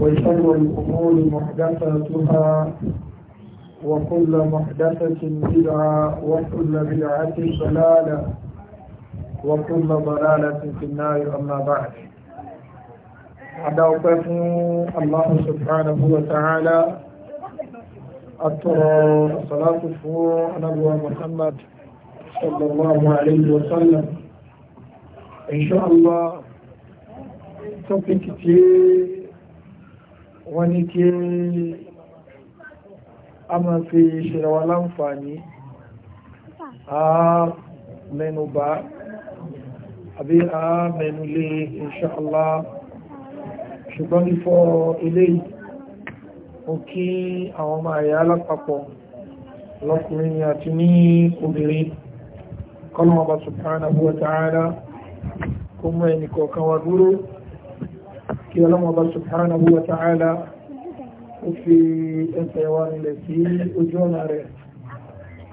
وشر الأمور محدثاتها وكل محدثة بدعة وكل بدعة ضلالة وكل ضلالة في النار أما بعد أدعوكم الله سبحانه وتعالى أترى صلاة فوق نبوة محمد صلى الله عليه وسلم إن شاء الله topic wọ́n ní kí a máa fi ṣẹ̀rẹ̀ wa láǹfààní a mẹ́nubà àbí a mẹ́nulé e, inṣáàlá ṣùgbọ́n nífọ́ ilé o kí àwọn ọmọ àyà alápapọ̀ lọ́kùnrin àti ní obìnrin kọ́lọ̀mọ̀bà subhanahu wa ta'ala kó mú ẹnìkọ̀ọ̀kan wa dúró kí ọlọ́mọ bá subhanahu wa ta'ala ó fi ẹsẹ̀ wa nílẹ̀ sí ojú ọ̀nà rẹ̀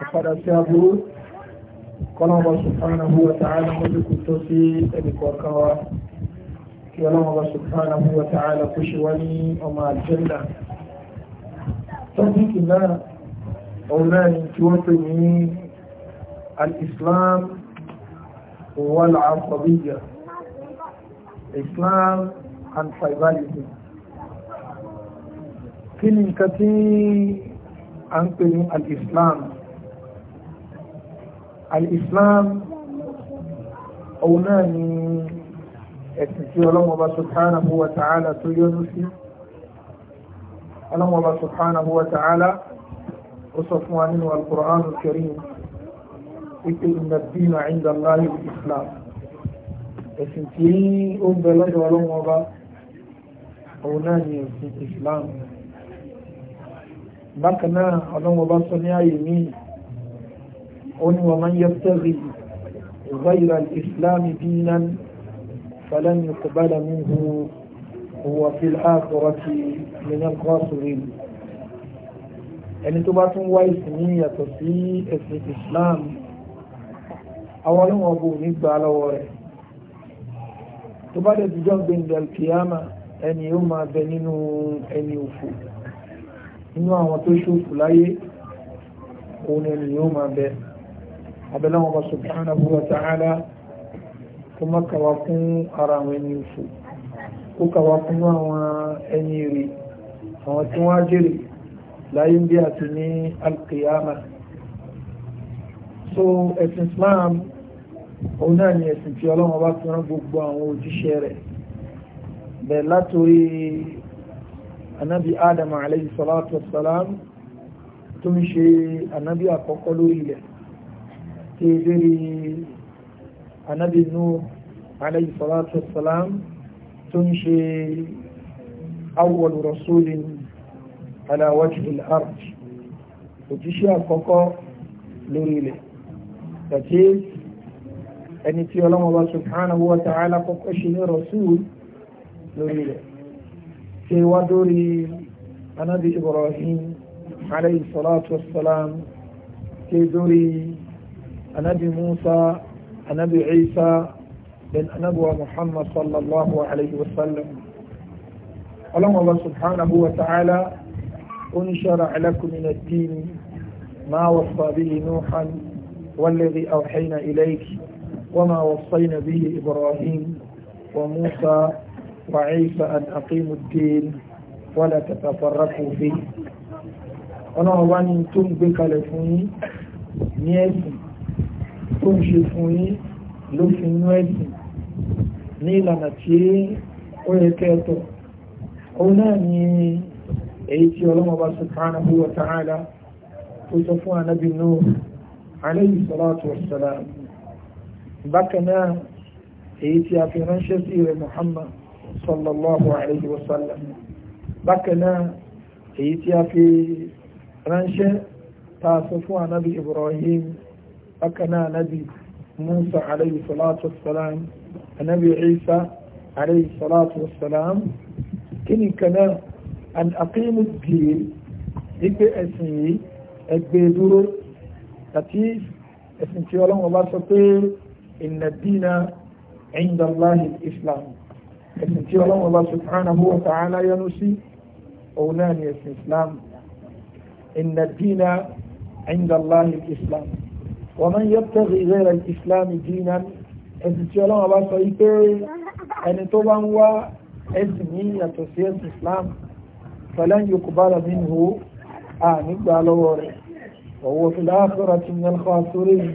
àpadà sí aburú kọ́lọ́mọ bá subhanahu wa ta'ala mọ́jú kò tó sí ẹnì kọ̀ọ̀kan wa kí ọlọ́mọ bá subhanahu wa kó ṣe wá ní ọmọ àjẹ́ńdà tọ́pìkì náà òun náà ni tí wọ́n pè ní al-islam wal-asabiyya islam wal and tribality kí ni nǹkan tí a ń pè ní al-islam al-islam òun náà ni ẹ̀sìn tí ọlọ́mọba subhanahu wa ta'ala tó yọ́nú sí ọlọ́mọba subhanahu wa ta'ala ó sọ fún wa nínú al-Qur'an al ìpè inna ad-dina islam ẹ̀sìn tí ó ń bẹ ọlọ́mọba òun náà ni òfin Islam bákan náà ọlọ́wọ́ bá sọ ní ààyè mí ó ní wọ́n máa ń yẹ́pẹ́rì ìwáyìrà Islam dínan falan yuqbala minhu huwa fil akhirati min al-khasirin ẹni tó bá tún wá ìsìn yàtọ̀ sí ẹ̀sìn Islam àwọn ọlọ́wọ́ bò ní gbà lọ́wọ́ rẹ̀ tó bá dẹ̀ ti gbẹ̀ndẹ̀ kìámà ẹni ó máa bẹ nínú ẹni òfò nínú àwọn tó ṣòfò láyé òun ẹni yóò máa bẹ abẹ́láwọn ọba subhanahu wa ta'ala kó má kàwá fún ara àwọn ẹni òfò kó kàwá fún àwọn ẹni rè àwọn tí wọ́n á jèrè láyé bí àti ní alkiyama so ẹ̀sìn Islam òun náà ni ẹ̀sìn tí ọlọ́run ọba fi rán gbogbo àwọn òjíṣẹ́ rẹ̀ bẹ̀rẹ̀ látòrí anábì adam alayhi salatu wassalam tó ń ṣe anábì àkọ́kọ́ lórí ilẹ̀ tí ó lérí anábì nuh alayhi salatu wassalam tó ń ṣe awwal rasulin ala wajhi al-ard òjíṣẹ́ àkọ́kọ́ lórí ilẹ̀ ẹni tí ọlọ́mọba subhanahu wa ta'ala kọ́kọ́ ṣe ní rasul نريد في ودور النبي إبراهيم عليه الصلاة والسلام في دوري النبي موسى النبي عيسى بن نبوة محمد صلى الله عليه وسلم قال الله سبحانه وتعالى إن شرع لكم من الدين ما وصى به نوحا والذي أوحينا إليك وما وصينا به إبراهيم وموسى وعيسى أن أقيموا الدين ولا تتفرقوا فيه ọlọ́run wá ní tó ń gbé kalẹ̀ fún yín ní ẹ̀sìn tó ń ṣe fún yín ló fi inú ẹ̀sìn ní ìlànà tí ó yẹ kẹ́ẹ̀tọ̀ òun náà ni èyí tí ọlọ́mọba subhanahu wa ta'ala tó sọ fún anábì Nuh alayhi salatu wassalam bákan náà èyí tí a fi ránṣẹ́ sí rẹ̀ Muhammad صلى الله عليه وسلم بكنا ايتيا في رانشة تاسفوا نبي إبراهيم بكنا نبي موسى عليه الصلاة والسلام نبي عيسى عليه الصلاة والسلام كني كنا أن أقيم الدين إبي أسمي أبي دور لطيف أسنتي والله الله سطير إن الدين عند الله الإسلام ẹ̀sìn tí ọlọ́run ọba subhanahu wa ta'ala yọ́nú sí òun náà ni ẹ̀sìn islam inna dina inda allahi islam wa man yabtaghi ghayra islam dinan ẹ̀sìn tí ọlọ́run ọba sọ wípé ẹni tó bá ń wá ẹ̀sìn ní yàtọ̀ sí ẹ̀sìn islam falan yuqbala minhu à nígbà lọ́wọ́ rẹ̀ ọ̀wọ́ fil akhirati min al khasirin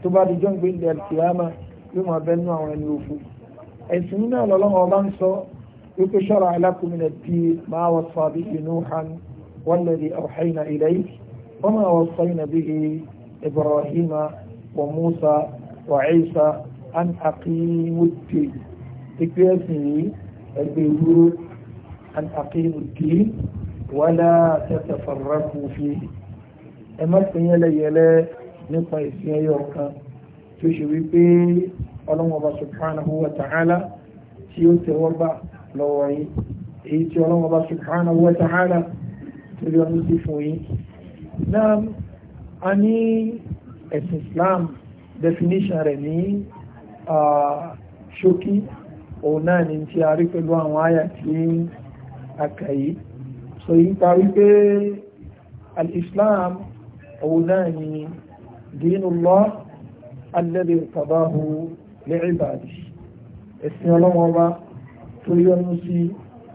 tó bá di jọ́ǹgbìn dẹ̀ kíámà yóò máa bẹ́ẹ̀ nú àwọn ẹni òfin ẹ̀sìn náà lọ́lọ́wọ́ ọba ń sọ wípé ṣọ́ra alákùnrin ti máa wọ sọ àbí inú han wọ́n lè di ọ̀hẹ́yìn ilẹ̀ wọ́n máa wọ sọ yìí nàbí Ibrahim wa Musa wa Isa an àkíwùtì ìpé ẹ̀sìn yìí ẹgbẹ́ ìwúrò an àkíwùtì wọ́lá tẹ́tẹ̀ fọ̀rọ̀kù fi ẹ má pín yẹlẹyẹlẹ nípa ìsìn ẹyọ kan tó ṣe wípé ọlọ́mọba subhanahu wa ta'ala tí ó tẹ̀wọ́ bá lọ́wọ́ yìí èyí tí ọlọ́mọba subhanahu wa ta'ala tó lè ọdún sí fún yìí náà a ní ẹ̀sìn Islam definition rẹ̀ ní ṣókí òun náà ni tí a rí pẹ̀lú àwọn àyà tí a kà yìí so yìí pa wípé al-Islam òun náà ni dínú Allah alladhi irtadahu lẹ́rìbàdì ẹ̀sìn ọlọ́wọ́n bá tó yọ́nú sí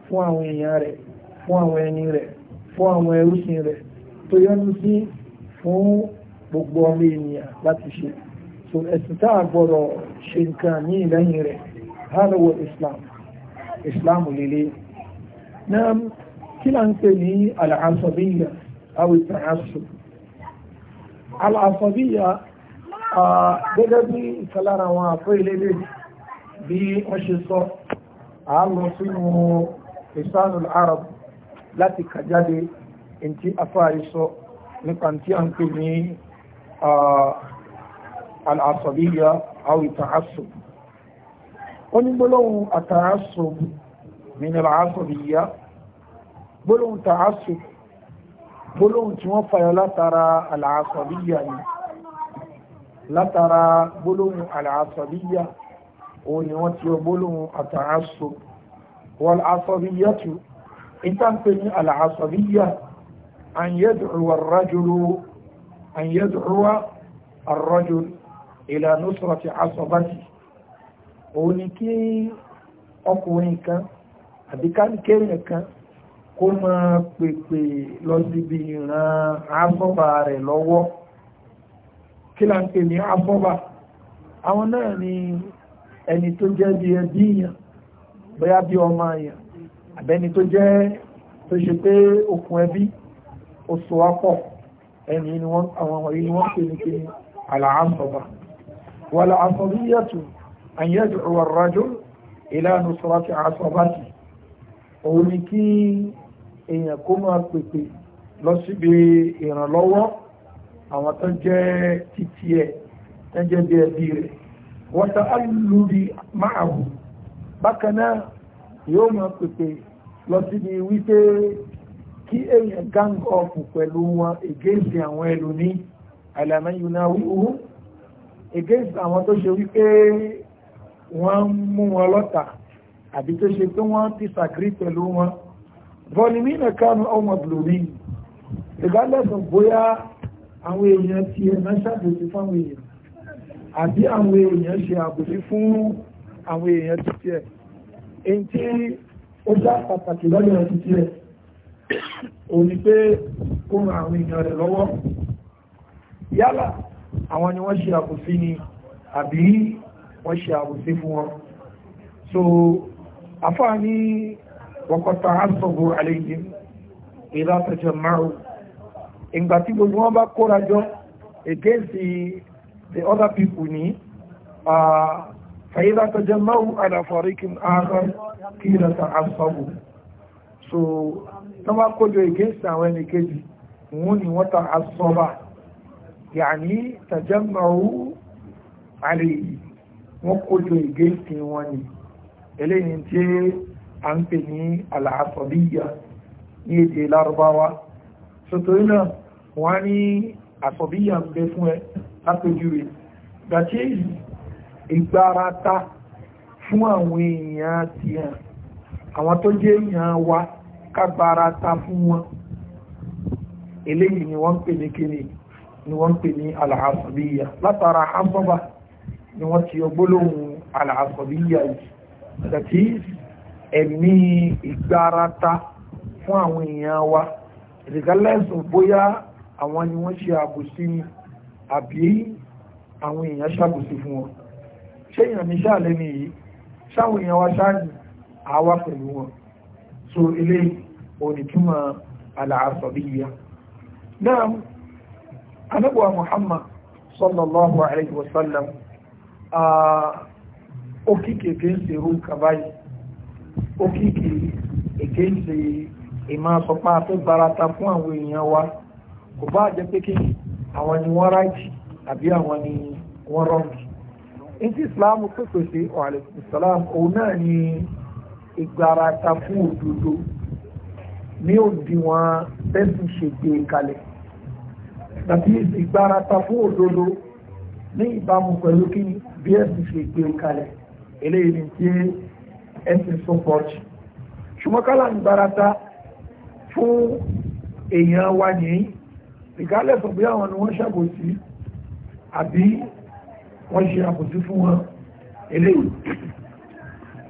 fún àwọn èèyàn rẹ̀ fún àwọn ẹni rẹ̀ fún àwọn ẹrúsìn rẹ̀ tó yọ́nú sí fún gbogbo ọmọ ènìyàn láti so ẹ̀sìn tá a gbọ́dọ̀ ṣe nǹkan ní islam islam lélẹ̀ náà kí là ń pè ní gẹ́gẹ́ bí ìkàlára àwọn àfẹ́ ilédè bí wọ́n ṣe sọ àálọ sínú ìsánul arab láti kàjáde in tí afá ìsọ nípa tí a ń pè ní al'asabiyya awi ta'assub ó ní gbólóhùn àtàásùb min al'asabiyya gbólóhùn tí wọ́n fayọ látara al'asabiyya ni látara gbólóhùn àlàásọ̀bíyà òun ni wọ́n ti yọ gbólóhùn àtàásọ wọ́n àsọ̀bíyà tù ìtànpé ní àlàásọ̀bíyà an yad'uwa ar-rajulu an yad'uwa ar-rajulu ila nusrati asabati òun ni kí ọkùnrin kan àbí káníkẹ́yìn kan kó máa pèpè lọ síbi ìran asọ́ba rẹ̀ lọ́wọ́ kí là ń pè ní afọ́bà àwọn náà ni ẹni tó jẹ́ bí ẹbí yàn bóyá bí ọmọ yàn àbẹ́ni tó jẹ́ tó ṣe pé okùn ẹbí ó so wá pọ̀ ẹni ni wọ́n àwọn wọ̀nyí ni wọ́n pè ní kí àlàáfọ́bà wàlà àfọ́bíyàtù àyẹ̀dù ọ̀rọ̀rájò ìlànà sọ́rọ̀tì àfọ́bàtì òun ni kí èèyàn kó máa pèpè lọ síbi ìrànlọ́wọ́ àwọn tó jẹ́ títí ẹ̀ tó jẹ́ bí ẹbí rẹ̀ wọ́n ta alùlùbí máa hù bákan náà yóò máa pèpè lọ síbi wípé kí èèyàn gang up pẹ̀lú wọn against àwọn ẹlòmí alàmẹ́yùnà wíwú against àwọn tó ṣe wípé wọ́n ń mú wọn lọ́tà àbí tó ṣe pé wọ́n disagree pẹ̀lú wọn volumina kanu ọmọ blori regardless of bóyá àwọn èèyàn ti ẹ̀mẹ́ ṣàbòsí fáwọn èèyàn àbí àwọn èèyàn ṣe àbòsí fún àwọn èèyàn ti tiẹ̀ èyí tí ó já pàtàkì lọ́yọ̀ ti tiẹ̀ òun ni pé kó ran àwọn èèyàn rẹ̀ lọ́wọ́ yálà àwọn ni wọ́n ṣe àbòsí ni àbí wọ́n ṣe àbòsí fún wọn so afáà ní wọ́kọ̀ta asọ̀bù àlejò ìlà tẹ̀jọ̀ márùn-ún ìgbà tí gbogbo wọn bá kóra jọ against the, other people ní fàyílá tọjọ máwú àdàfàríkìn ààrùn kí ìrọ̀ta àṣọ́bù so tó bá kójọ against àwọn ẹni kejì wọ́n ni wọ́n ta àṣọ́bà yàní tọjọ máwú àlè wọ́n kójọ against wọn ni eléyìí tí a ń pè ní àlàáfọ̀bíyà ní èdè lárúbáwá so torí náà wọ́n ní àsọ̀bíyà ń bẹ fún ẹ lápẹjúwe gbàtí èyí ìgbárata fún àwọn èèyàn ti hàn àwọn tó jẹ́ èèyàn wa kágbárata fún wọn eléyìí ni wọ́n pè ní kíni ni wọ́n ń pè ní àlàáfàbíyà látara àbọ̀bà ni wọ́n ti ọgbólóhùn àlàáfàbíyà yìí gbàtí ẹ̀mí ìgbárata fún àwọn èèyàn wa regardless of bóyá àwọn ni wọ́n ṣe àbòsí ni àbí àwọn èèyàn ṣàbòsí fún wọn ṣé èèyàn ní ṣáàlẹ́ ni yìí ṣáwọn èèyàn wa ṣáàlì àwa pẹ̀lú wọn so ilé onítúmọ̀ àlàásọ̀bíyà náà anábọ̀wà Muhammad sallallahu alaihi wasallam sallam ó kíkè kí ń ṣe irú nǹkan báyìí ó kíkè kí ń ṣe ìmọ̀ àsọpá tó gbarata fún àwọn èèyàn wa kò bá jẹ́ pé kí àwọn ni wọ́n ráìtì àbí àwọn ni wọ́n rọ́ǹgì etí islam pèpè sí ọ̀hálẹ́sì islam òun náà ni ìgbára ta fún òdodo ní òdiwọ̀n bẹ́sì ṣe gbé e kalẹ̀ tàbí ìgbára ta fún òdodo ní ìbámu pẹ̀lú kí bí ẹ̀sìn ṣe e kalẹ̀ eléyìí ni tí ẹ̀sìn sọ́pọ̀tì ṣùgbọ́n kálá ń ta fún èèyàn wa nìyí ìkálẹ̀ sọ bí àwọn ni wọ́n ṣàbòsí àbí wọ́n ṣe àbòsí fún wọn eléyìí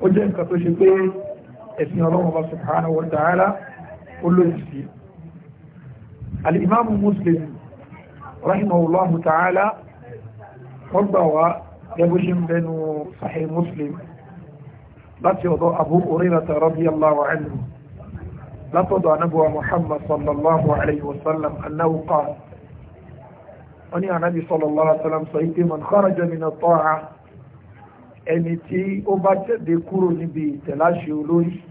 ó jẹ́ nǹkan tó ṣe pé ẹ̀sìn ọlọ́run bá subhanahu wa ta'ala ó lòdì sí alìmáàmù muslim rahimahullahu ta'ala wọ́n gbà wá gẹ́gbó ṣe ń bẹnu sahih muslim láti ọ̀dọ̀ abu hurairah radiyallahu anhu látọ̀dọ̀ anábíwa muhammad sallallahu alayhi wa sallam annahu qala wọ́n ní anábí sallallahu alayhi wa sallam sọ ike man kharaja min at-ta'a ẹni tí ó bá jáde kúrò níbi ìtẹ̀láṣẹ olórí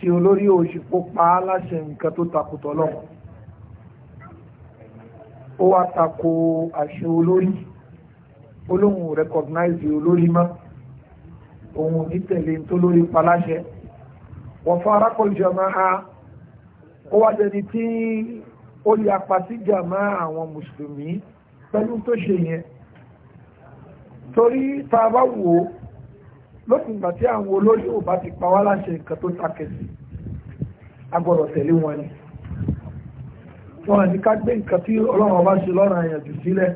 tí olórí òṣìpó pa á láṣẹ nǹkan tó takùtọ̀ lọ́wọ́ ó wá tako àṣẹ olórí olóhùn recognize olórí mọ́ òun ní tẹ̀lé tó lórí paláṣẹ wọ́n farakọ̀ jama'a ó wá dẹni tí ó yà pàtí jama'a àwọn mùsùlùmí pẹ̀lú tó ṣe yẹn torí tá a bá wò ó lókùn ìgbà tí àwọn olóyè ò bá ti pa wá láṣẹ nǹkan tó takẹ̀sì a gbọ́dọ̀ tẹ̀lé wọn ni wọ́n ní ká gbé nǹkan tí ọlọ́run ọba ṣe lọ́rọ̀ àyànjú sílẹ̀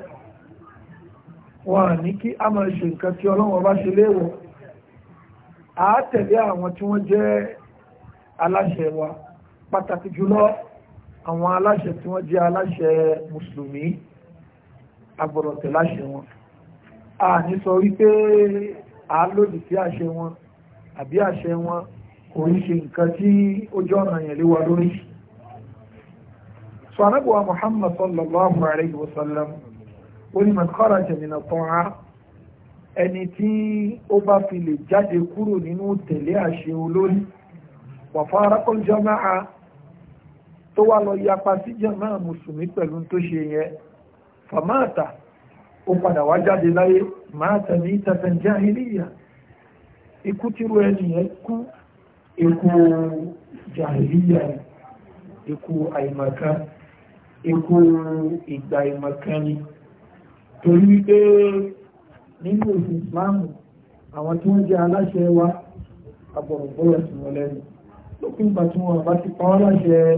wọ́n ní kí a máa ṣe nǹkan tí ọlọ́run ọba ṣe léèwọ̀ a tẹ̀lé àwọn tí wọ́n jẹ́ aláṣẹ wa pàtàkì jùlọ àwọn aláṣẹ tí wọ́n jẹ́ aláṣẹ mùsùlùmí agbọ̀rọ̀tẹ̀ láṣẹ wọn a ní sọ wípé a lòdì sí àṣẹ wọn àbí àṣẹ wọn kò ń ṣe nǹkan tí ó jọ ọ̀nà yẹn léwa lórí sọ anábùwà Muhammad sallallahu alayhi wa sallam ó ní man kharaja min ẹni tí ó bá fi lè jáde kúrò nínú tẹ̀lé àṣẹ olórí wàfárakọ́ jọmáà tó wà lọ yapa sí jọmáà mùsùlùmí pẹ̀lú tó ṣe yẹn fàmáàtà ó padà wá jáde láyé máàtà ní ìtàtà jahiliya ikú tírú ẹnìyẹn kú ikú jahiliya ikú àìmọ̀kan ikú ìgbà àìmọ̀kan ni torí wípé nínú òfin Islam àwọn tí wọ́n jẹ́ aláṣẹ wa agbọ̀rọ̀gbọ́rọ̀ sí wọn lẹ́nu Donc une bâtiment en bas qui prend la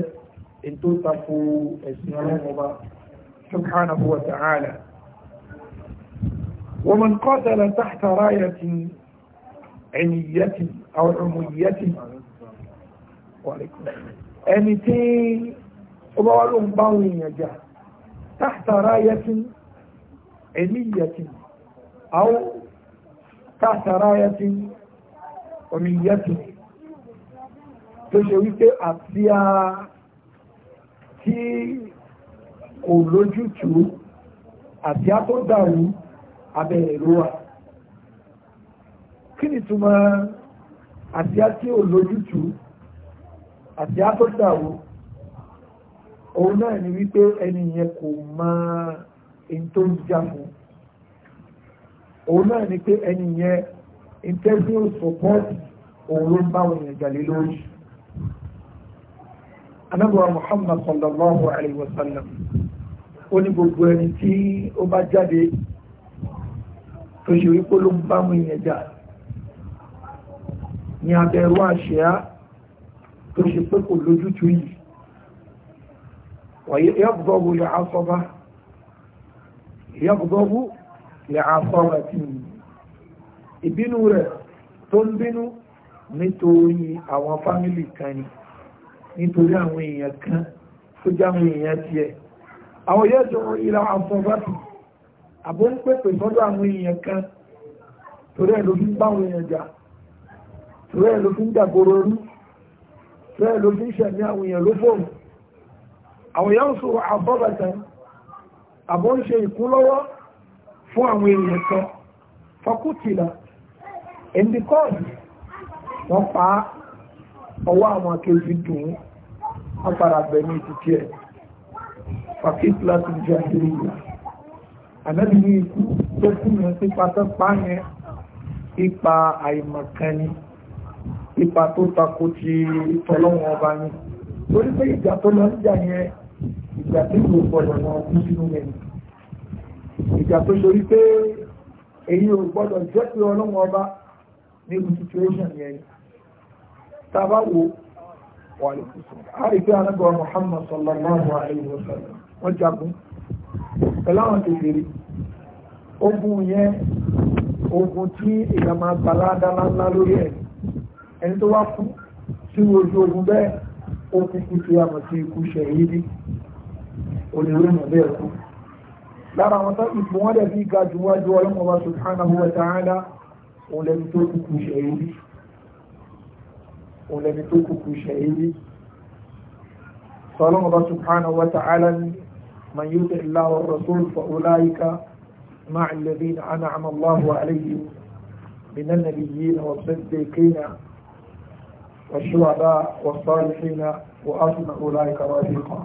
سبحانه وتعالى ومن قتل تحت راية عنية أو عمية أنتين تحت راية عنية أو تحت راية عمية tó ṣe wípé àti a tí kò lójútùú àti a tó dàrú abẹ́ ìrora kí ni túmọ̀ àti a tí ò lójútùú àti a tó dàrú òun náà ni wípé ẹni yẹn kò máa in tó ń já òun náà ni pé ẹni yẹn in tẹ́sí ò sọpọ́ọ̀tì òun ló ń bá wọn jà lé lórí anábọ̀ muhammad sallallahu alayhi wa sallam ó ní gbogbo ẹni tí ó bá jáde tó ṣe wípé ló ń bá mú ìyẹn jà ní abẹ́rú àṣíá tó ṣe pé kò lójútu yìí wàyí yàgbọ́gbù lè asọ́bá yàgbọ́gbù lè asọ́bá tí ìbínú rẹ̀ tó ń bínú nítorí àwọn fámìlì kan ni nítorí àwọn èèyàn kan tó já àwọn èèyàn ti ẹ̀ àwọn yóò tó ìlà àfọ̀bátì àbó ń pèpè sọ́dọ̀ àwọn èèyàn kan torí ẹ̀ ló fi ń bá àwọn èèyàn jà torí ẹ̀ ló fi ń jàgbóró rú torí ẹ̀ ló fi ń ṣẹ̀mí àwọn èèyàn ló fòrò àwọn yóò sọ àfọ̀bátì àbó ń ṣe ìkúnlọ́wọ́ fún àwọn èèyàn kan fakútìlà ẹ̀ndíkọ́ọ̀dù wọ́n pa ọwọ́ àwọn akéwì dùn ún wọ́n padà bẹ̀mí títí ẹ̀ fàkíkì láti jẹ́ àdúrí ìyá ànábì ní ikú tó kú yẹn sí pátápá yẹn ipa àìmọ̀kànnì ipa tó takò ti tọ́lọ́wọ́n ọba yẹn torí pé ìjà tó lọ ń jà yẹn ìjà tí kò gbọdọ̀ lọ kú sínú rẹ̀ ìjà tó lórí pé èyí ò gbọdọ̀ jẹ́ pé ọlọ́wọ́n ọba ní situation yẹn tá a bá wò ó wà lè kú sùn. a rí pé anábọ̀ Muhammad sallallahu alayhi wa sallam wọ́n jagun pẹ̀lú àwọn kékeré ogun yẹn ogun tí èèyàn máa gbalada ńláńlá lórí ẹ̀ ẹni tó wá kú sí ojú ogun bẹ́ẹ̀ ó kú kú sí àmọ̀ sí ikú ṣẹ̀yìdì olèrè mọ̀ bẹ́ẹ̀ kú lára àwọn tó ipò wọn dẹ̀ bí ga jù wájú ọlọ́mọba subhanahu wa ta'ala òun lẹ́nu tó kú kú ṣẹ̀yìdì òun lẹni tó kúkú ṣẹ̀yí sọlọ́mù bá subhanahu wa ta'ala ni man yuti illaha wa rasul fa ulaika ma'a alladhina an'ama Allahu alayhim min an-nabiyyina wa as-siddiqina wa ash-shuhada'a wa as-salihina wa asna ulaika rafiqa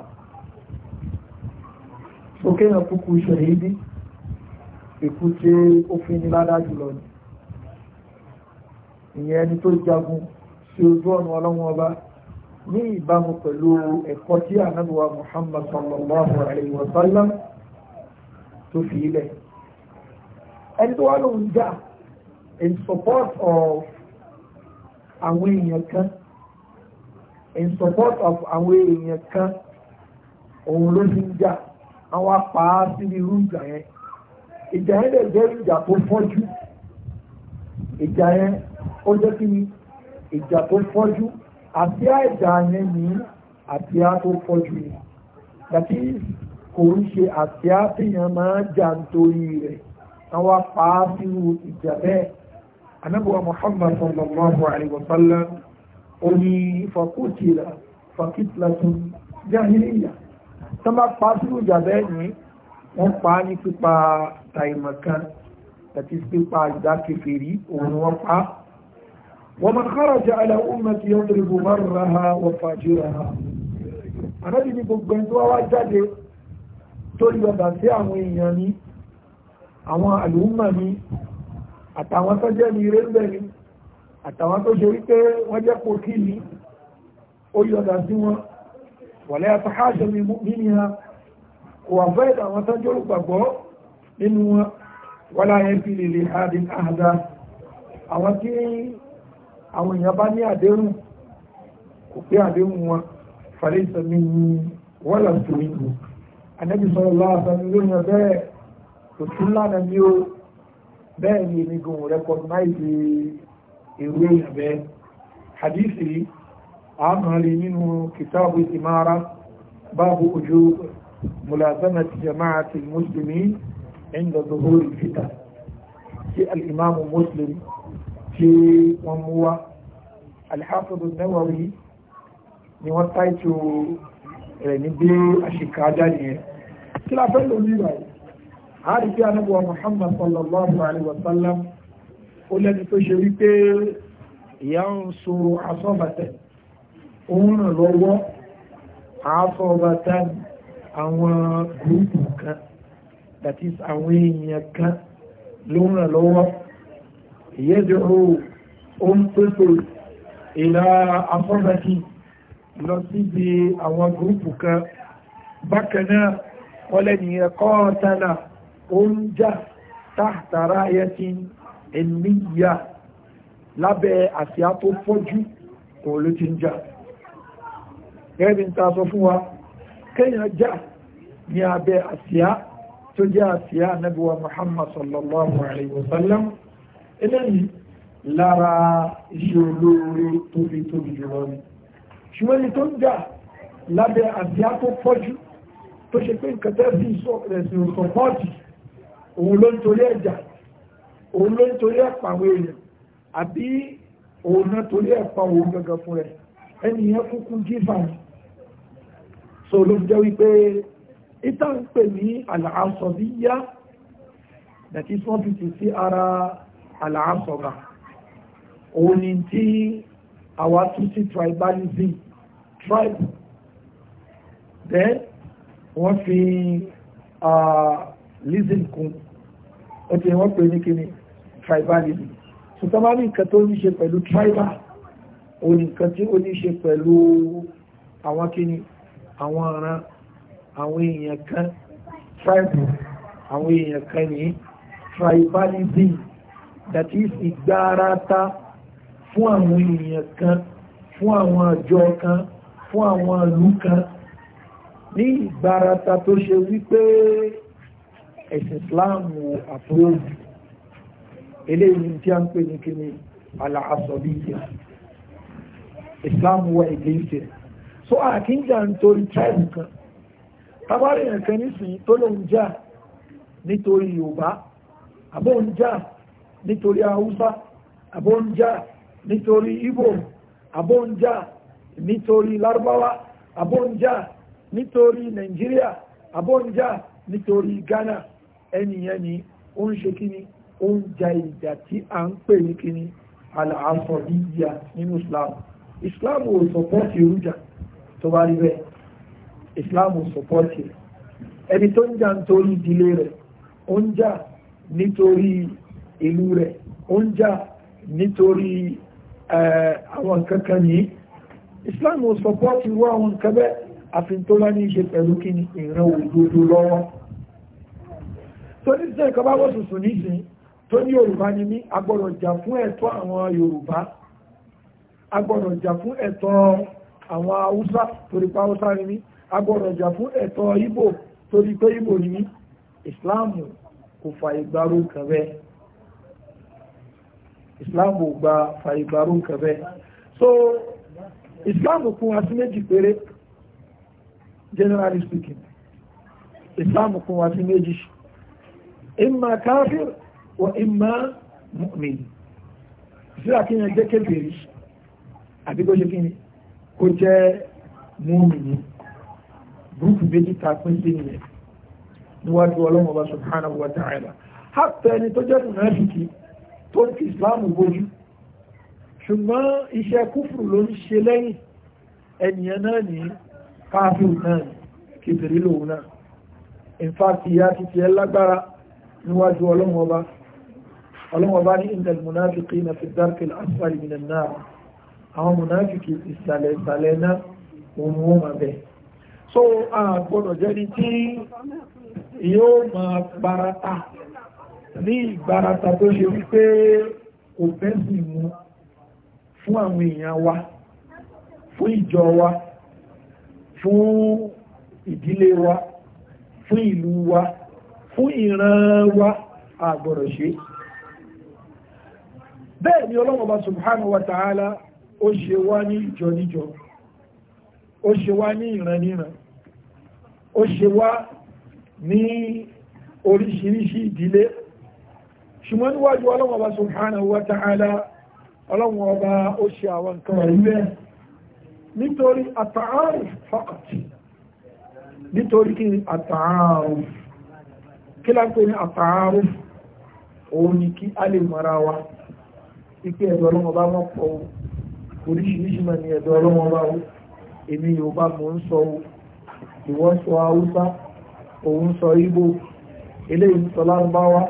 sókè náà kúkú ṣẹ̀yí ikú tí ó fi ní ládá jùlọ ni ìyẹn ẹni tó jagun sí ojú ọ̀nà ọlọ́wọ́n ọba ní ìbámu pẹ̀lú ẹ̀kọ́ tí ànábùwà Muhammad sallallahu alayhi wa sallam tó fi ilẹ̀ ẹni tó wá lóun jà in support of àwọn èèyàn kan in support of àwọn èèyàn kan òun ló ń jà àwọn apá síbi irú ìjà yẹn ìjà yẹn lè jẹ́ ìjà tó fọ́jú ìjà yẹn ó jẹ́ kí ni ìjà tó fọ́jú àti àìjà yẹn ní àti á tó fọ́jú ni that is kò ń ṣe àti á tíyàn máa jà nítorí rẹ̀ àwọn apá sínú ìjà bẹ́ẹ̀ anábùwà Muhammad sallallahu alaihi wa sallam ó ní fakutila fakitlatun jahiliya tó bá pa sínú ìjà bẹ́ẹ̀ ni wọ́n pa ní pípa tàìmọ̀ kan that pípa ìdá òun wọ́n pa ومن خرج على أمة يضرب غرها وفاجرها Ànábì ní gbogbo ẹni tó wá jáde tó yọ̀dà sí àwọn èèyàn ní àwọn àlùmọ̀ ní àtàwọn tó jẹ́ ní irébẹ̀ ní àtàwọn tó ṣe wípé wọ́n jẹ́ kò kí ní ó yọ̀dà sí wọn wọ̀lẹ́ àtàkáṣẹ́ mi mú ní ha kò wà fẹ́ ìtàwọn tó jẹ́ olùgbàgbọ́ nínú wọn wọ́lá yẹn fi lè lè àdín àdá àwọn tí àwọn èèyàn bá ní àdéhùn kò pé àdéhùn wọn fàlẹ́ ìsọ̀mí ni wọ́n lọ sí ìlú anẹ́bí sọ̀rọ̀ lọ́wọ́ sọ ní bẹ́ẹ̀ kò tún lánàá ní o bẹ́ẹ̀ ni èmi gan rẹ́kọ̀dínáìsì èrò èèyàn bẹ́ẹ̀ hadithi nínú kìtàbù ìmárà báàbù ojú ملازمة جماعة المسلمين عند ظهور الفتن في الإمام مسلم tí wọ́n mú wá alhassan Nawawi ni wọ́n táìtò rẹ̀ ní bí àṣìkà ajáde yẹn kí la fẹ́ lò ní a rí pé anábọ̀ Muhammad sallallahu alaihi wa sallam ó lẹ́ni tó ṣe wípé ìyá ń sòrò asọ́bàtẹ̀ òun ràn lọ́wọ́ asọ́bàtẹ̀ àwọn gúrùpù kan that is àwọn èèyàn kan ló ràn lọ́wọ́ yad'u ó ń pèsè ìlà afọ́nàkì lọ síbi àwọn gúrùpù kan bákanáà ọlẹ́nìyàn qatala ó ń jà tahta rayatin ilmiya lábẹ́ àsíá tó fọ́jú kò ló ti ń jà gẹ́gẹ́ ta sọ fún wa kéèyàn jà ní abẹ́ àsíá tó jẹ́ àsíá Ànábì wa Muhammad sallallahu alaihi wasallam eléyìí lára iṣẹ́ olóore tóbi tóbi jùlọ ni ṣùgbọ́n ni tó ń jà lábẹ́ àbíá tó pọ́jú tó ṣe pé nǹkan tẹ́ bí ẹ̀sìn òsọ̀pọ́ọ̀tì òun ló ń torí ẹ̀jà òun ló ń torí ẹ̀pà àwọn èèyàn àbí òun náà torí ẹ̀pà òun gangan fún rẹ̀ ẹni yẹn kúkú jífà ni so ló jẹ́ wípé ìta ń pè ní àlàásọ̀bíyá that is one fifty sí ara àlàáfọ̀gà òun ni tí àwa tún sí tribalism tribe then wọ́n fi lism kún ó ti wọ́n pè ní kíni tribalism so tó bá ní nǹkan tó ní ṣe pẹ̀lú tribal òun ni nǹkan tí ó ní ṣe pẹ̀lú àwọn kíni àwọn ọ̀ràn àwọn èèyàn kan tribe àwọn èèyàn kan ní tribalism that is ìgbárata fún àwọn èèyàn kan fún àwọn àjọ kan fún àwọn ìlú kan ní ìgbárata tó ṣe wípé ẹ̀sìn Islam approve eléyìí tí a ń pè ní kíni aláàsọ̀bíyà Islam wà against it so a kì í jà nítorí tribe kan tábàrìyàn kan nísìnyí tó lóun jà nítorí Yorùbá àbóun jà nítorí haúsá àbóúnjá nítorí ibo àbóúnjá nítorí Larbawa, àbóúnjá nítorí Nigeria, àbóúnjá nítorí ghana ẹnìyàn ni ó ń ṣe kíni ó ń ja ìjà tí a ń pè ní kíni al-asabiyya nínú islam islam ò sọpọ́ọ̀tì irújà tó bá rí bẹ́ẹ̀ islam ò sọpọ́ọ̀tì ẹni tó ń jà nítorí ìdílé rẹ̀ ó ń jà nítorí ìlú rẹ̀ ó ń jà nítorí àwọn kankan ní islam ò sọpọ́tì wá àwọn nǹkan bẹ́ẹ̀ àfi ní ṣe pẹ̀lú kí ni ìran òdodo lọ́wọ́ tó ní sẹ́ ìkọba wọ́n sùsùn nísìn tó ní yorùbá ni mí agbọ́dọ̀ jà fún ẹ̀tọ́ àwọn yorùbá agbọ́dọ̀ jà fún ẹ̀tọ́ àwọn haúsá torí pa haúsá ni mí agbọ́dọ̀ jà fún ẹ̀tọ́ ìbò torí pé ìbò ni mí ìsìláàmù kò fàyè gbárù kan bẹ́ẹ̀ islam ò gba fàìbàrú nǹkan so islam kún wa sí méjì péré generally speaking islam kún wa sí méjì imma káfíìr wa imma mu'min síra kí yẹn jẹ́ kébèrè àbí kó jẹ́ kí ni kó jẹ́ mu'min gúrùpù méjì ta pín sí nìyẹn níwájú ọlọ́mọba subhanahu wa ta'ala hatta ẹni tó jẹ́ mùnáfíkì tó ń fi ìsìláàmù bójú ṣùgbọ́n iṣẹ́ kúfùrù ló ń ṣe lẹ́yìn ẹnìyàn náà ní káàfíù náà kìtìrí lòun náà in fact ìyá ti tiẹ̀ lágbára níwájú ọlọ́run ọba ọlọ́run ọba ní yóò máa parata ní ìgbárata tó ṣe wípé kò bẹ́sì mú fún àwọn èèyàn wa fún ìjọ wa fún ìdílé wa fún ìlú wa fún ìran wa àgbọ̀rọ̀ ṣe bẹ́ẹ̀ ni ọlọ́mọba subhanahu wa ta'ala ó ṣe wá ní ìjọ níjọ ó ṣe wá ní ìran níran ó ṣe wá ní oríṣiríṣi ìdílé ṣùgbọ́n níwájú ọlọ́wọ́ ọba subhanahu wa ta'ala ọlọ́wọ́ ọba ó ṣe àwọn nǹkan ìwé nítorí àtàárù faqat nítorí kí ni àtàárù kí láńpé ní àtàárù òun ni kí a lè mara wa ipé ẹ̀dọ̀ ọlọ́wọ́ bá mọ́ pọ̀ mọ̀ ń sọ ìwọ sọ haúsá òun sọ ìgbò eléyìí sọ lárúbáwá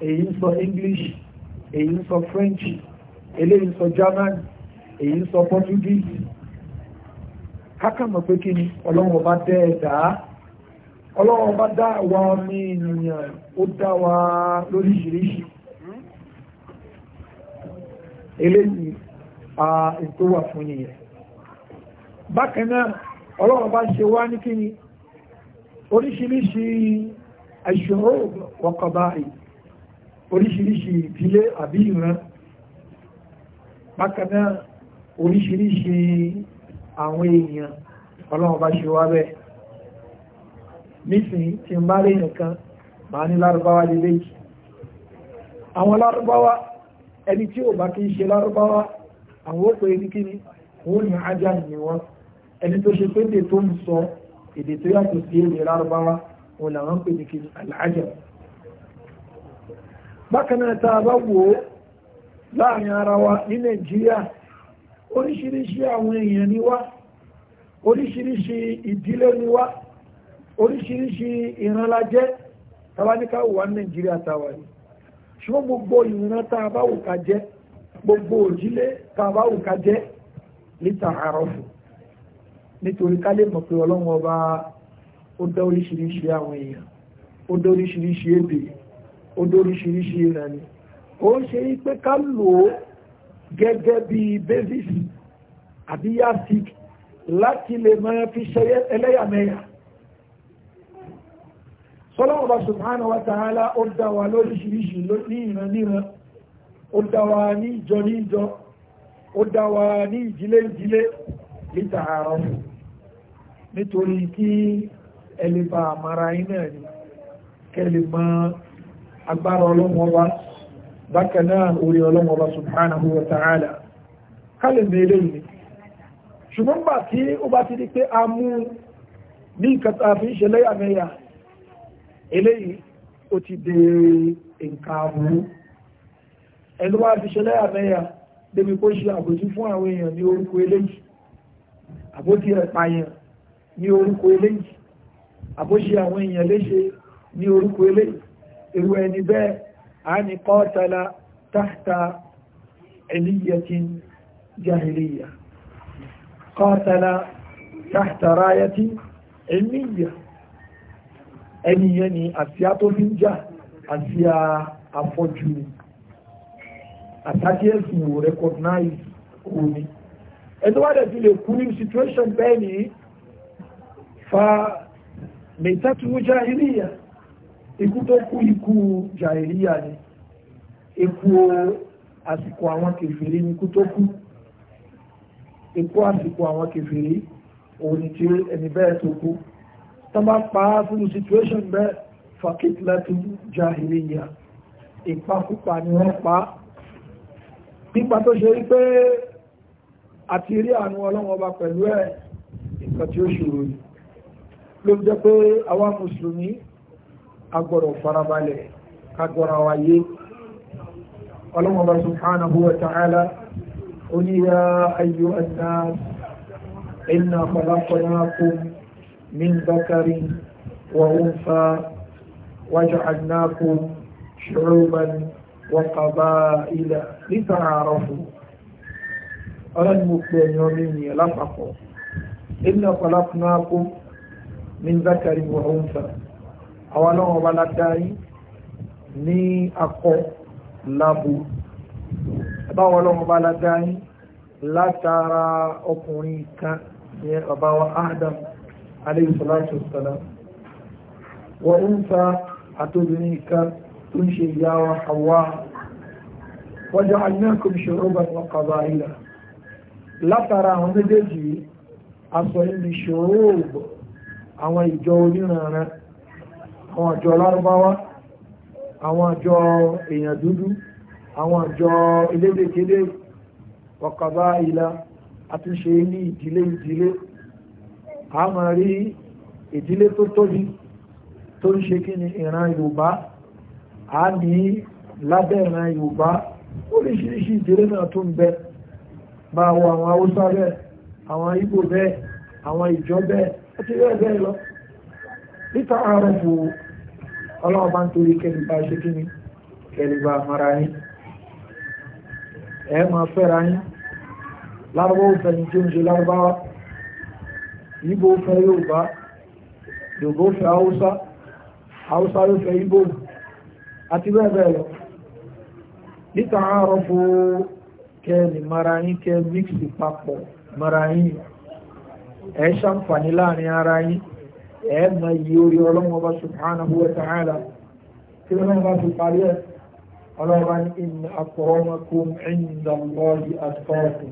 èyí ń sọ English èyí ń sọ French eléyìí ń sọ German èyí ń sọ Portuguese kákàmọ̀ pé kí ni ọlọ́run bá dẹ́ ẹ dáa ọlọ́run bá dá wa ní ènìyàn ó dá wa lóríṣiríṣi eléyìí a ètò wà fún yìnyẹn bákan náà ọlọ́run bá ṣe wá ní kí ni oríṣiríṣi àṣòro wọ̀kọ̀bá yìí oríṣiríṣi ìdílé àbí ìran bákanáà oríṣiríṣi àwọn èèyàn ọlọ́run bá ṣe wá bẹ́ẹ̀ nísìnyí tí ń bá rí nìkan màá ní lárúbáwá lélẹ́ yìí àwọn lárúbáwá ẹni tí ò bá kí ń ṣe lárúbáwá àwọn ó pe ní kíni òun ní ajá ni wọn ẹni tó ṣe pé tó ń sọ èdè tó yàtọ̀ sí èdè lárúbáwá òun làwọn pè ní kíni àlàájá bákanáà tá a bá wò ó láàrin ara wa ní nàìjíríà oríṣiríṣi àwọn èèyàn ni wá oríṣiríṣi ìdílé ni wá oríṣiríṣi ìrànlájẹ́ tàbáníká wà ní nàìjíríà tàwà yìí ṣùgbọ́n gbogbo ìran tá a bá wù ká jẹ́ gbogbo òjílé tá bá wù ká jẹ́ níta àrọ́fù nítorí ká lè mọ̀ pé ọlọ́run ọba ó dá oríṣiríṣi àwọn èèyàn ó dá oríṣiríṣi èdè odóríṣiríṣi rẹ̀ ni ó ń ṣe pé ká lò ó gẹ́gẹ́ bí basis àbí yasik láti lè máa fi ṣe ẹlẹ́yàmẹ̀yà sọ́lọ́wọ́ba subhanahu wa ta'ala ó dá wa lóríṣiríṣi ní ìran níran ó dá wa ní ìjọ ní ìjọ ó dá wa ní ìdílé ìdílé níta àárọ̀ nítorí kí ẹlẹ́bà àmàrà iná ni kẹlẹ̀ máa agbára ọlọ́run ọba bákan náà orí ọlọ́run ọba subhanahu wa ta'ala kálẹ̀ mẹ́rẹ̀ ni ṣùgbọ́n gbà tí ó bá ti di pé a mú ní nǹkan tá a fi ń ṣe lẹ́yàmẹ́yà eléyìí ó ti dé nǹkan àbúrú ẹni wá fi ṣe lẹ́yàmẹ́yà débi kó ṣe àbòsí fún àwọn èèyàn ní orúkọ eléyìí àbótí rẹ̀ ní orúkọ eléyìí àbóṣe àwọn èèyàn léṣe ní orúkọ eléyìí irú ẹni bẹ́ẹ̀ a ní kọ́tàlá tàhtà ìlíyàtín jahiliya kọ́tàlá tàhtà ráyàtí ìlíyà ẹniyàn ni àsíá tó fi ń jà àsíá afọ́jú àtàkì ẹ̀sùn ò recognize omi ẹni wá dẹ̀bí lè kú ní situation bẹ́ẹ̀ ni fa mẹ́tàtúwú jahiliya ikú tó kú ikú jàìríyà ni ikú àsìkò àwọn kèfèrí ni ikú tó kú ikú àsìkò àwọn kèfèrí òun ni tí ẹni bẹ́ẹ̀ tó kú tó bá pa á fún situation bẹ́ẹ̀ fàkítlẹ́tù jàìríyà ìpakúpa ni wọ́n pa á nípa tó ṣe rí pé àti rí àánú ọlọ́wọ́ ọba pẹ̀lú ẹ̀ nǹkan tí ó ṣòro yìí ló jẹ́ pé àwa mùsùlùmí agbọ́dọ̀ farabalẹ̀ kagbọ́ra wáyé ọlọ́mọba subhanahu wa ta'ala ó ní ya ayyuhan nas inna khalaqnakum min dhakarin wa untha waja'alnakum shu'uban wa qaba'ila lita'arafu ọlọ́ni mo pè ẹ̀yàn mi lápapọ̀ inna khalaqnakum min dhakarin wa untha àwọn náà ọba akọ labu báwọn náà ọba latara látara kan ní wa Adam alayhi salatu wassalam wọ́n ń fa àtòbìnrin kan tó ń ṣe ìyá wa Hawa وجعلناكم شعوبا وقبائل látara àwọn méjèèjì aṣọ àwọn àjọ lárúbáwá àwọn àjọ èèyàn dúdú àwọn àjọ elédèkédè ọ̀kàbá ìlà àtúnṣe ní ìdílé ìdílé a máa rí ìdílé tó tóbi tó ń ṣe kí ni ìran Yorùbá a ní lábẹ́ ìran Yorùbá oríṣiríṣi ìdílé náà tó ń bẹ bá wọ àwọn Haúsá bẹ́ẹ̀ àwọn Ìgbò bẹ́ẹ̀ àwọn ìjọ bẹ́ẹ̀ àti bẹ́ẹ̀ bẹ́ẹ̀ lọ níta ààrùn bu ọlọ́wọ́ bá ń torí kẹlùbá ṣe kí ni mara yín ẹ máa fẹ́ra yín lárúbáwò fẹ́ni tí ó ń ṣe ibo fẹ́ yorùbá yorùbá fẹ́ haúsá haúsá ló fẹ́ ibo àti bẹ́ẹ̀ bẹ́ẹ̀ lọ níta ààrùn mara yín kẹ́ẹ̀ mixi papọ̀ mara yín ṣàǹfààní ara yín. ẹ̀ẹ́mà yìí orí ọlọ́mọba subhanahu wa ta'ala kí ọlọ́mọba fi parí ẹ̀ ọlọ́mọba ní inna akramakum inda Allahi atqakum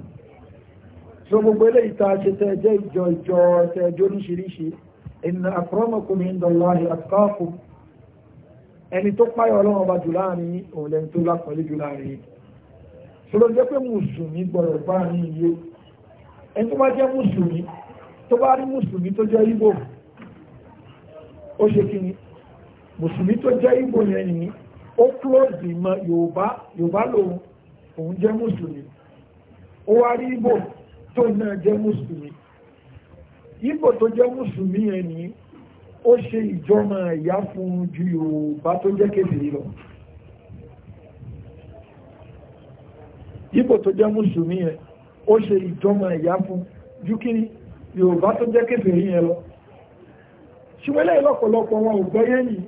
so gbogbo ilé ìta ṣe tẹ́jẹ́ ìjọ ìjọ tẹ́jọ́ oríṣiríṣi inna akramakum inda Allahi atqakum ẹni tó páyọ̀ ọlọ́mọba jù láàrin òun lẹni tó lápọ̀lẹ́ jù láàrin so ó ṣe kí ni mùsùlùmí tó jẹ́ ìgbò yẹn ni ó klóòzì mọ yorùbá yorùbá lòun òun jẹ́ mùsùlùmí ó wá rí ìgbò tó náà jẹ́ mùsùlùmí ìgbò tó jẹ́ mùsùlùmí yẹn ni ó ṣe ìjọmọ ìyá fún ju yorùbá tó jẹ́ kébìrì lọ ìgbò tó jẹ́ mùsùlùmí yẹn ó ṣe ìjọmọ ìyá fún ju kí yorùbá tó jẹ́ kébìrì yẹn lọ ṣùgbọ́n lẹ́yìn lọ́pọ̀lọpọ̀ wọn ò gbọ́yé yìí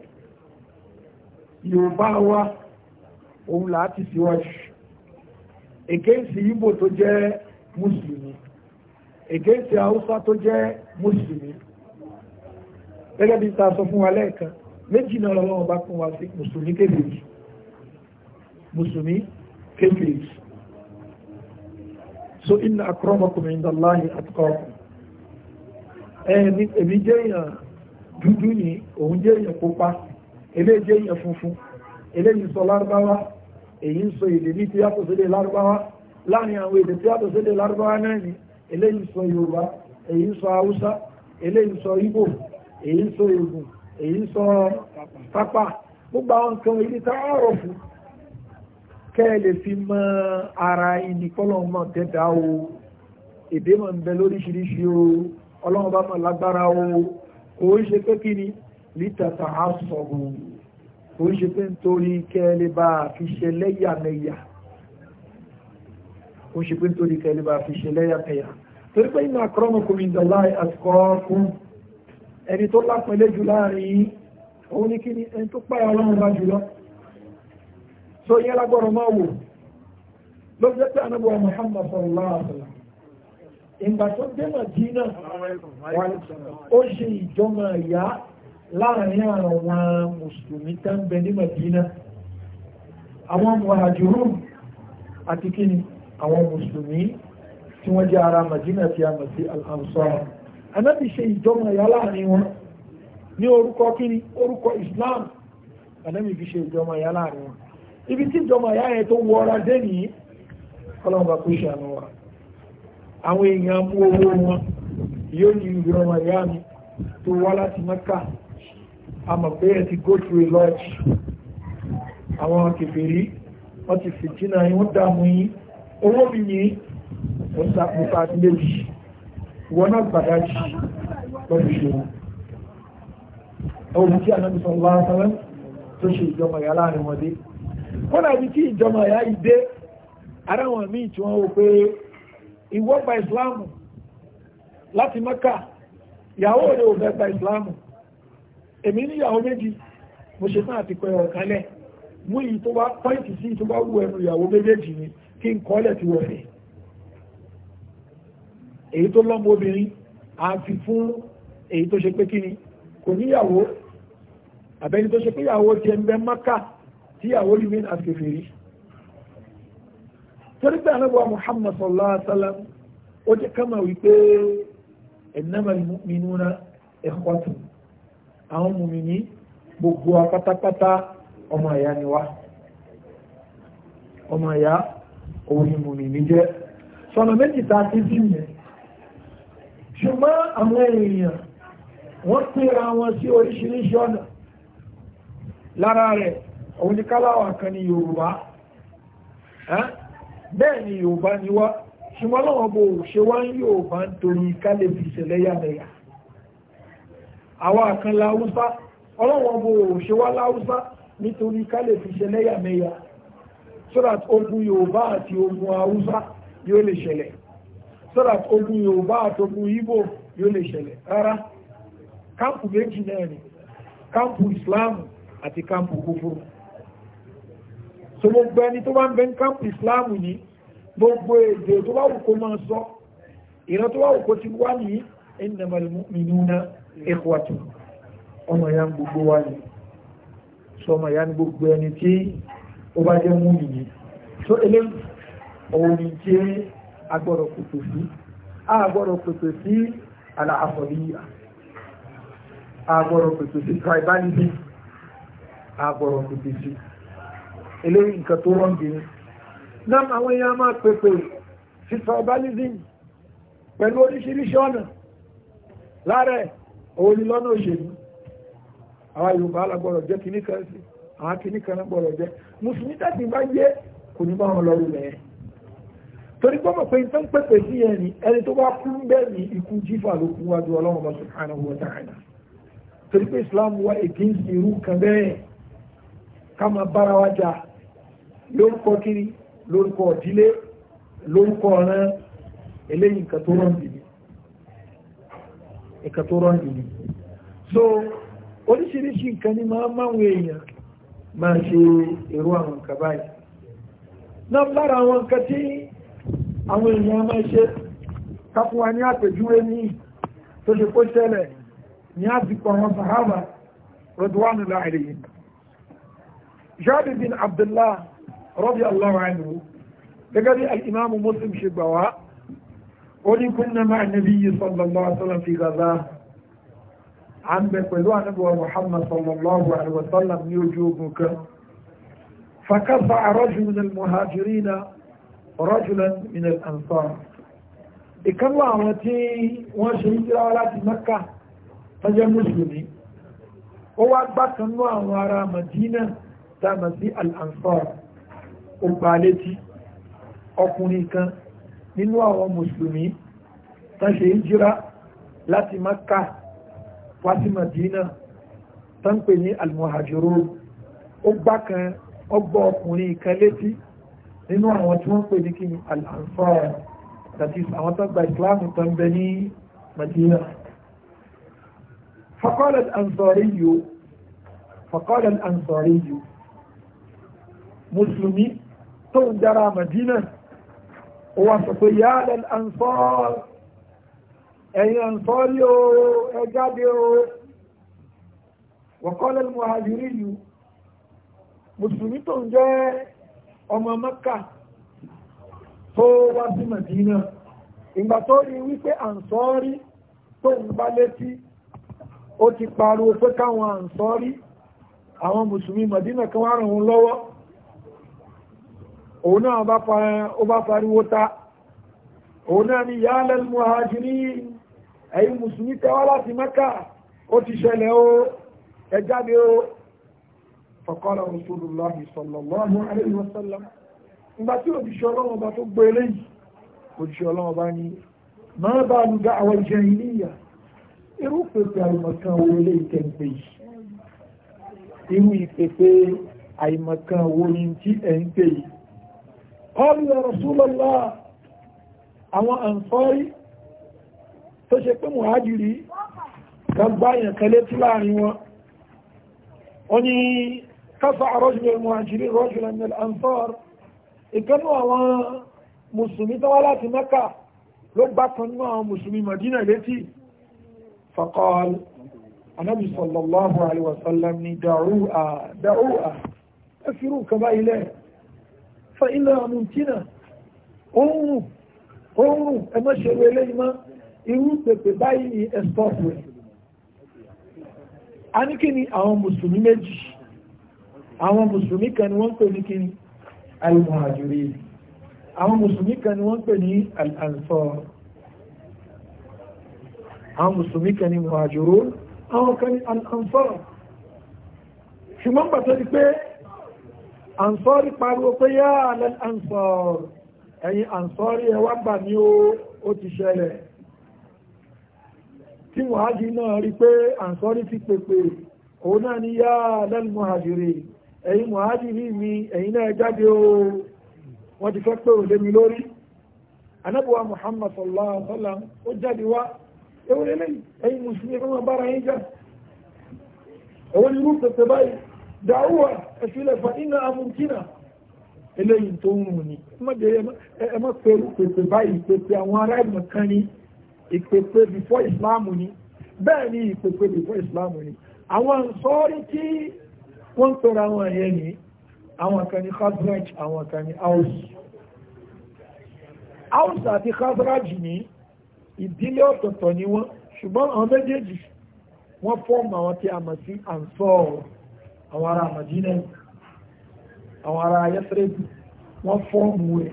Yorùbá wa òun là á ti síwájú èkéǹsì Ìgbò tó jẹ́ mùsùlùmí èkéǹsì Haúsá tó jẹ́ mùsùlùmí gẹ́gẹ́ bí ta sọ fún wa lẹ́ẹ̀kan méjì náà lọ́wọ́ bá fún wa sí mùsùlùmí kébèjì mùsùlùmí kébèjì so inna akramakum indallahi atqakum ẹni èmi jẹ́ èèyàn dúdú ni òun jẹ́ èèyàn pupa eléyìí jẹ́ èèyàn funfun eléyìí sọ lárúbáwá èyí ń sọ èdè ní tí yàtọ̀ sílẹ̀ lárúbáwá láàrin àwọn èdè tí yàtọ̀ sílẹ̀ lárúbáwá náà ni eléyìí sọ yorùbá èyí ń sọ haúsá eléyìí ń sọ ìgbò èyí ń sọ ègùn èyí ń sọ pápá gbogbo àwọn nǹkan ilé tá a rọ̀ fún kẹ́ lè fi mọ ara ẹni kọ́lọ́n mọ̀ tẹ́ta o èdè mọ̀ ń bẹ lóríṣiríṣi o ọlọ́run bá mọ̀ lágbára o kò ń ṣe pé kí ni lítàtà àṣọ̀gùn kò ń ṣe pé nítorí kẹ́lẹ́ bá fi ṣe lẹ́yàmẹ̀yà kò ń ṣe pé nítorí kẹ́lẹ́ bá fi ṣe lẹ́yàmẹ̀yà torí pé inna akramakum indallahi atqakum ẹni tó lápẹ̀lẹ́ jù láàrin òun ní kí ni ẹni tó páyà ọlọ́run bá jùlọ so yẹn lágbọ́rọ̀ máa wò ló jẹ́ pé anábọ̀ Muhammad sallallahu alaihi wa sallam ìgbà tó dé Màdínà ó ṣe ìjọmọ ìyá láàrin àwọn mùsùlùmí tó ń bẹ ní Màdínà àwọn muhajirun àti kíni àwọn mùsùlùmí tí wọ́n jẹ́ ara Màdínà tí a mọ̀ sí al ṣe ìjọmọ ìyá láàrin wọn ní orúkọ kíni orúkọ Islam anábì fi ṣe ìjọmọ ìyá láàrin wọn ibi tí ìjọmọ ìyá yẹn tó wọra dé nìyí kọlọmọba àwọn èèyàn mú owó wọn yóò ní ìrọ̀ wọn ìyá mi tó wá láti mẹ́kà àmọ̀ pé ẹ ti go through a lot àwọn kèfèrí wọ́n ti fìtínà yín wọ́n dààmú yín owó mi ní òsàpùpà méjì wọ́n náà gbàdá jì lọ́dún ṣe ohun tí ànábì sallallahu alaihi wasallam tó ṣe ìjọmọ ìyá láàrin wọn dé kọ́nà ibi tí ìjọmọ ìyá yìí dé ara wọn míì tí wọ́n wò pé ìwọ gba ìsìláàmù láti mẹ́kà ìyàwó rẹ̀ ò bẹ́ gba ìsìláàmù èmi ní ìyàwó méjì mo ṣe tán àti pẹ̀rọ kalẹ̀ mú ìyí tó bá pọ́ìntì sí tó bá wù ẹnu ìyàwó méjèèjì ni kí n kọ́lẹ̀ ti wọ̀ fẹ́ èyí tó lọ́mọ obìnrin àfi fún èyí tó ṣe pé kí ni kò níyàwó àbẹ́ni tó ṣe pé ìyàwó ti ẹ̀ ń bẹ́ mẹ́kà lè mí àti kèfèrí torí pé anábọ̀ muhammad sallallahu alaihi wa sallam ó jẹ́ ká mọ̀ wípé innamal mu'minuna ikhwatun àwọn mùmìnì gbogbo wa pátápátá ọmọ ẹ̀yà ni wá ọmọ ẹ̀yà òun ni mùmìnì jẹ́ sọ̀nà méjì tá a ti bí mi ṣùgbọ́n àwọn èèyàn wọ́n pèrà wọn sí oríṣiríṣi ọ̀nà lára rẹ̀ òun ni káláwà kan ní yorùbá bẹ́ẹ̀ ni Yorùbá ni wá ṣùgbọ́n láwọn bò ṣe wá ń Yorùbá ń torí kálẹ̀bì ìṣẹ̀lẹ́yàmẹ̀yà àwọn àkan láwúsá ọlọ́wọ́n bò ṣe wá láwúsá nítorí kálẹ̀bì ìṣẹ̀lẹ́yàmẹ̀yà so that ogun Yorùbá àti ogun haúsá yóò lè ṣẹlẹ̀ so that ogun Yorùbá àti ogun Igbo yóò lè ṣẹlẹ̀ rárá káàpù méjì náà ni káàpù Islam àti káàpù kúfúrú so gbogbo ẹni tó bá ń bẹ ní camp islam ní gbogbo èdè tó bá wù kó máa sọ ìran tó bá wù kó ti wá ní innamal mu'minuna ikhwatu ọmọ ya ń gbogbo wá ní sọ ọmọ ya ní gbogbo ẹni tí ó bá jẹ́ mú nìyí tó eléyìí òun ní tí a gbọ́dọ̀ pèpè sí a gbọ́dọ̀ pèpè sí àlàáfọ̀lìyà a gbọ́dọ̀ pèpè sí tribalism a gbọ́dọ̀ pèpè sí eléyìí nǹkan tó wọ́n gbìn náà àwọn èèyàn máa pèpè sí tribalism pẹ̀lú oríṣiríṣi ọ̀nà láàrẹ̀ òun lọ́nà òṣèlú àwọn Yorùbá alágbọ́rọ̀ jẹ́ kìíní kan sí àwọn kìíní kan gbọ́rọ̀ jẹ́ mùsùlùmí tàbí bá yé kò ní bá wọn lọ́rù lẹ́yìn torí gbọ́mọ̀ pé nǹkan pèpè sí yẹn ni ẹni tó bá kú ń bẹ́ẹ̀ ní ikú jífà ló kú wájú Ọlọ́run bá subhanahu wa ta'ala torí pé Islam wá against irú kan bẹ́ẹ̀ ká máa bára wájà lórúkọ kiri lórúkọ ìdílé lórúkọ ọ̀ràn eléyìí nǹkan tó rọ̀ nìyí so oríṣiríṣi nǹkan ni máa máwọn èèyàn máa ṣe èrò àwọn nǹkan báyìí náà lára àwọn nǹkan tí àwọn èèyàn máa ṣe káfún wa ní àpèjúwe ní tó ṣe kó ṣẹlẹ̀ ní àsìkò àwọn sàhábà rọ̀dùwánù láàrin yìí Jabir Abdullah radiyallahu anhu gẹ́gẹ́ bí al-imam muslim ṣe gbà wá ó ní kunna ma'a nabiyyi sallallahu alaihi wasallam fi gaza à ń bẹ pẹ̀lú ànábọ̀wá muhammad sallallahu alaihi wasallam ní ojú ogun kan fakasa rajulun min al-muhajirina rajulan min al-ansar ìkánwà àwọn tí wọ́n ṣe ń jíra láti mẹ́kà tọ́jẹ́ mùsùlùmí ó wá gbákanú àwọn ará madina dámà sí al-ansar ó gba létí ọkùnrin kan nínú àwọn mùsùlùmí tán ṣe ń jíra láti Mákà wá sí Madina tán pè ní almuhajiro ó gbá kan ọgbọ́ ọkùnrin kan létí nínú àwọn tí wọ́n pè ní kí ni tó ń dára Madina ó wá sọ pé yá lẹ́l ansọ́r ẹ̀yin ansọ́rí o ẹ jáde o wọ̀kọ́lẹ̀ muhajirin yìí mùsùlùmí tó ń jẹ́ ọmọ Mẹ́kà tó wá sí Madina ìgbà tó rí wípé ansọ́rí tó ń bá létí ó ti pariwo pé káwọn ansọ́rí àwọn mùsùlùmí Madina kan wá ràn lọ́wọ́ òun náà bá fariwo ta òun náà ni ya lal muhajirin ẹ̀yin musulmi tẹwà láti mẹ́kà ó ti ṣẹlẹ̀ ó ẹjáde ó faqala rasulullahi sallallahu alaihi wasallam ìgbà tí òjíṣẹ́ ọlọ́wọ́ bá tó gbé eléyìí òjíṣẹ́ ọlọ́wọ́ bá ní máa bá lu ìpèpè àìmọ̀kan wo ni tí ẹ̀ ń pè yìí kọlu ya Rasulullah àwọn àǹfọ́rí tó ṣe pé mùhájìrí kan báyàn kẹlẹ́ tí láàrin wọn wọ́n ni káfà rọ́jùlẹ̀ mùhájìrí rọ́jùlẹ̀ mẹ́lẹ̀ àǹfọ́r ìkanú àwọn musulmi tó wá láti Mẹ́kà ló gbá kan ní àwọn musulmi Madina létí faqal anábì sallallahu alaihi wasallam ni da'uha da'uha ẹ fa ilẹ̀ ọmọntínà oòrùn oòrùn ẹmọ́ṣẹ̀rọ eléyìnmọ́ irú pèpè báyìí ni ẹ̀stọ́pù ẹ̀ a ní kí ni àwọn mùsùlùmí méjì àwọn mùsùlùmí kan ni wọ́n pè ní kí ni al àwọn mùsùlùmí kan ni wọ́n pè ní al àwọn mùsùlùmí kan ni muhajiru àwọn kan ni al-ansar ṣùgbọ́n pàtó pé ansọ́rí pariwo pé yá alẹ́ ansọ́r ẹ̀yin ansọ́rí ẹ wá gbà ní ó ti ṣẹlẹ̀ tí wàájì náà rí pé ansọ́rí ti pèpè òun náà ni yá alẹ́ muhajiri ẹ̀yin muhajiri rí mi ẹ̀yin náà jáde wọ́n ti fẹ́ pé òde mi lórí anábùwà muhammad sallallahu alaihi ó jáde wá ẹ̀fílẹ̀ fa iná amúntínà eléyìí tó ń rùn ní ẹ má pẹ̀lú pèpè báyìí ìpèpè àwọn ará ìmọ̀ kan ní ìpèpè before Islam ní bẹ́ẹ̀ ni ìpèpè before Islam ní àwọn sọ́ọ́rí tí wọ́n ń pẹ̀rọ àwọn ẹ̀yẹ ní àwọn kan ní Khazraj àwọn kan ní Aus Aus àti Khazraj ní ìdílé ọ̀tọ̀ọ̀tọ̀ ni wọ́n ṣùgbọ́n àwọn méjèèjì wọ́n fọ́ọ̀mù àwọn tí a mọ̀ sí àǹsọ́ọ̀rọ̀ àwọn ará Madina àwọn ará Yathrib wọ́n fọ́ọ̀mù ẹ̀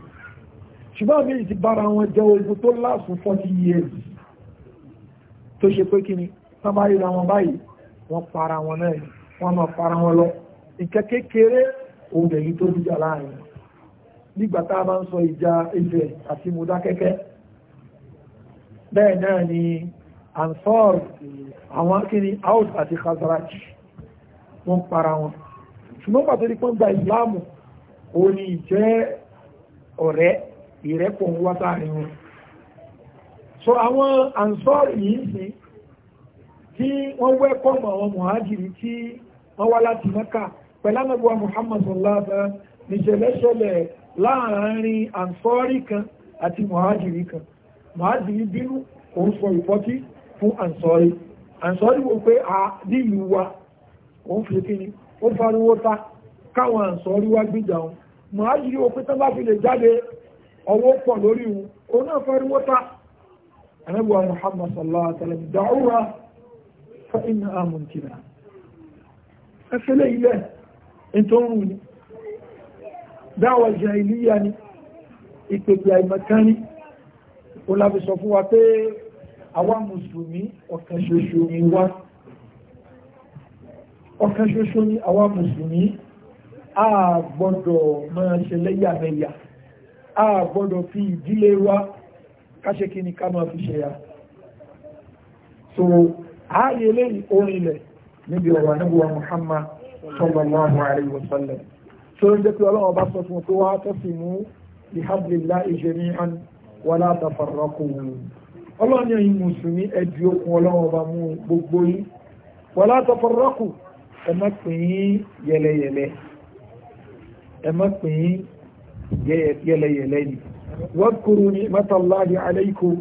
ṣùgbọ́n mi ti bára wọn jẹ́ ogun tó lásùn 40 years tó ṣe pé kíni tán bá rí wọn báyìí wọ́n para wọn náà wọ́n máa para wọn lọ nǹkan kékeré òun èyí tó dújà láàrin nígbà tá a bá ń sọ ìjà Ifẹ̀ àti Mọdákẹ́kẹ́ bẹ́ẹ̀ náà ni Ansar àwọn kíni Aus àti Khazaraj wọ́n para wọn ṣùgbọ́n pàtó ní pọ́n gba ìsìláàmù ó ní ìjẹ́ ọ̀rẹ́ ìrẹ́pọ̀ ń wá sáàrin wọn so àwọn ansọ́ọ̀rì yìí sí tí wọ́n wẹ́kọ̀mù àwọn mọ̀hájìrì tí wọ́n wá láti mẹ́kà pẹ̀lánàbíwá Muhammad sallá nìṣẹ̀lẹ̀ṣẹ̀lẹ̀ láàárín ansọ́ọ̀rì kan àti mọ̀hájìrì kan mọ̀hájìrì bínú òun sọ ìfọ́tí fún ansọ́ọ̀rì ansọ́ọ̀rì wò pé a nílùú wa òun fi kí ni ó fariwo ta káwọn àǹsọ̀ rí wá gbìjà òun màá yí o pé tán bá fi lè jáde ọwọ́ pọ̀ lórí òun òun náà fariwo ta anábíwá Muhammad sallallahu alaihi wa sallam dàúrà fa iná amúntìrà ẹfẹ́lẹ́ ilẹ̀ ìtọ́rùn ni dáwà jàhílíyà ni ìpèpè àìmọ̀kání ó lábí sọ fún wa pé àwa mùsùlùmí ọ̀kan ṣoṣo ni wá ọ̀kan ṣoṣo ni àwa mùsùlùmí a gbọ́dọ̀ máa ṣe lẹ́yàmẹ̀yà a gbọ́dọ̀ fi ìdílé wa káṣe kí ni ká máa fi ṣe ya so ààyè lẹ́yìn orin ilẹ̀ níbi ọ̀rọ̀ anábíwa Muhammad sallallahu alaihi wa sallam so ń jẹ́ ẹ má pín yẹlẹyẹlẹ ẹ má pín yẹlẹyẹlẹ ni wadhkuru ni'matallahi alaykum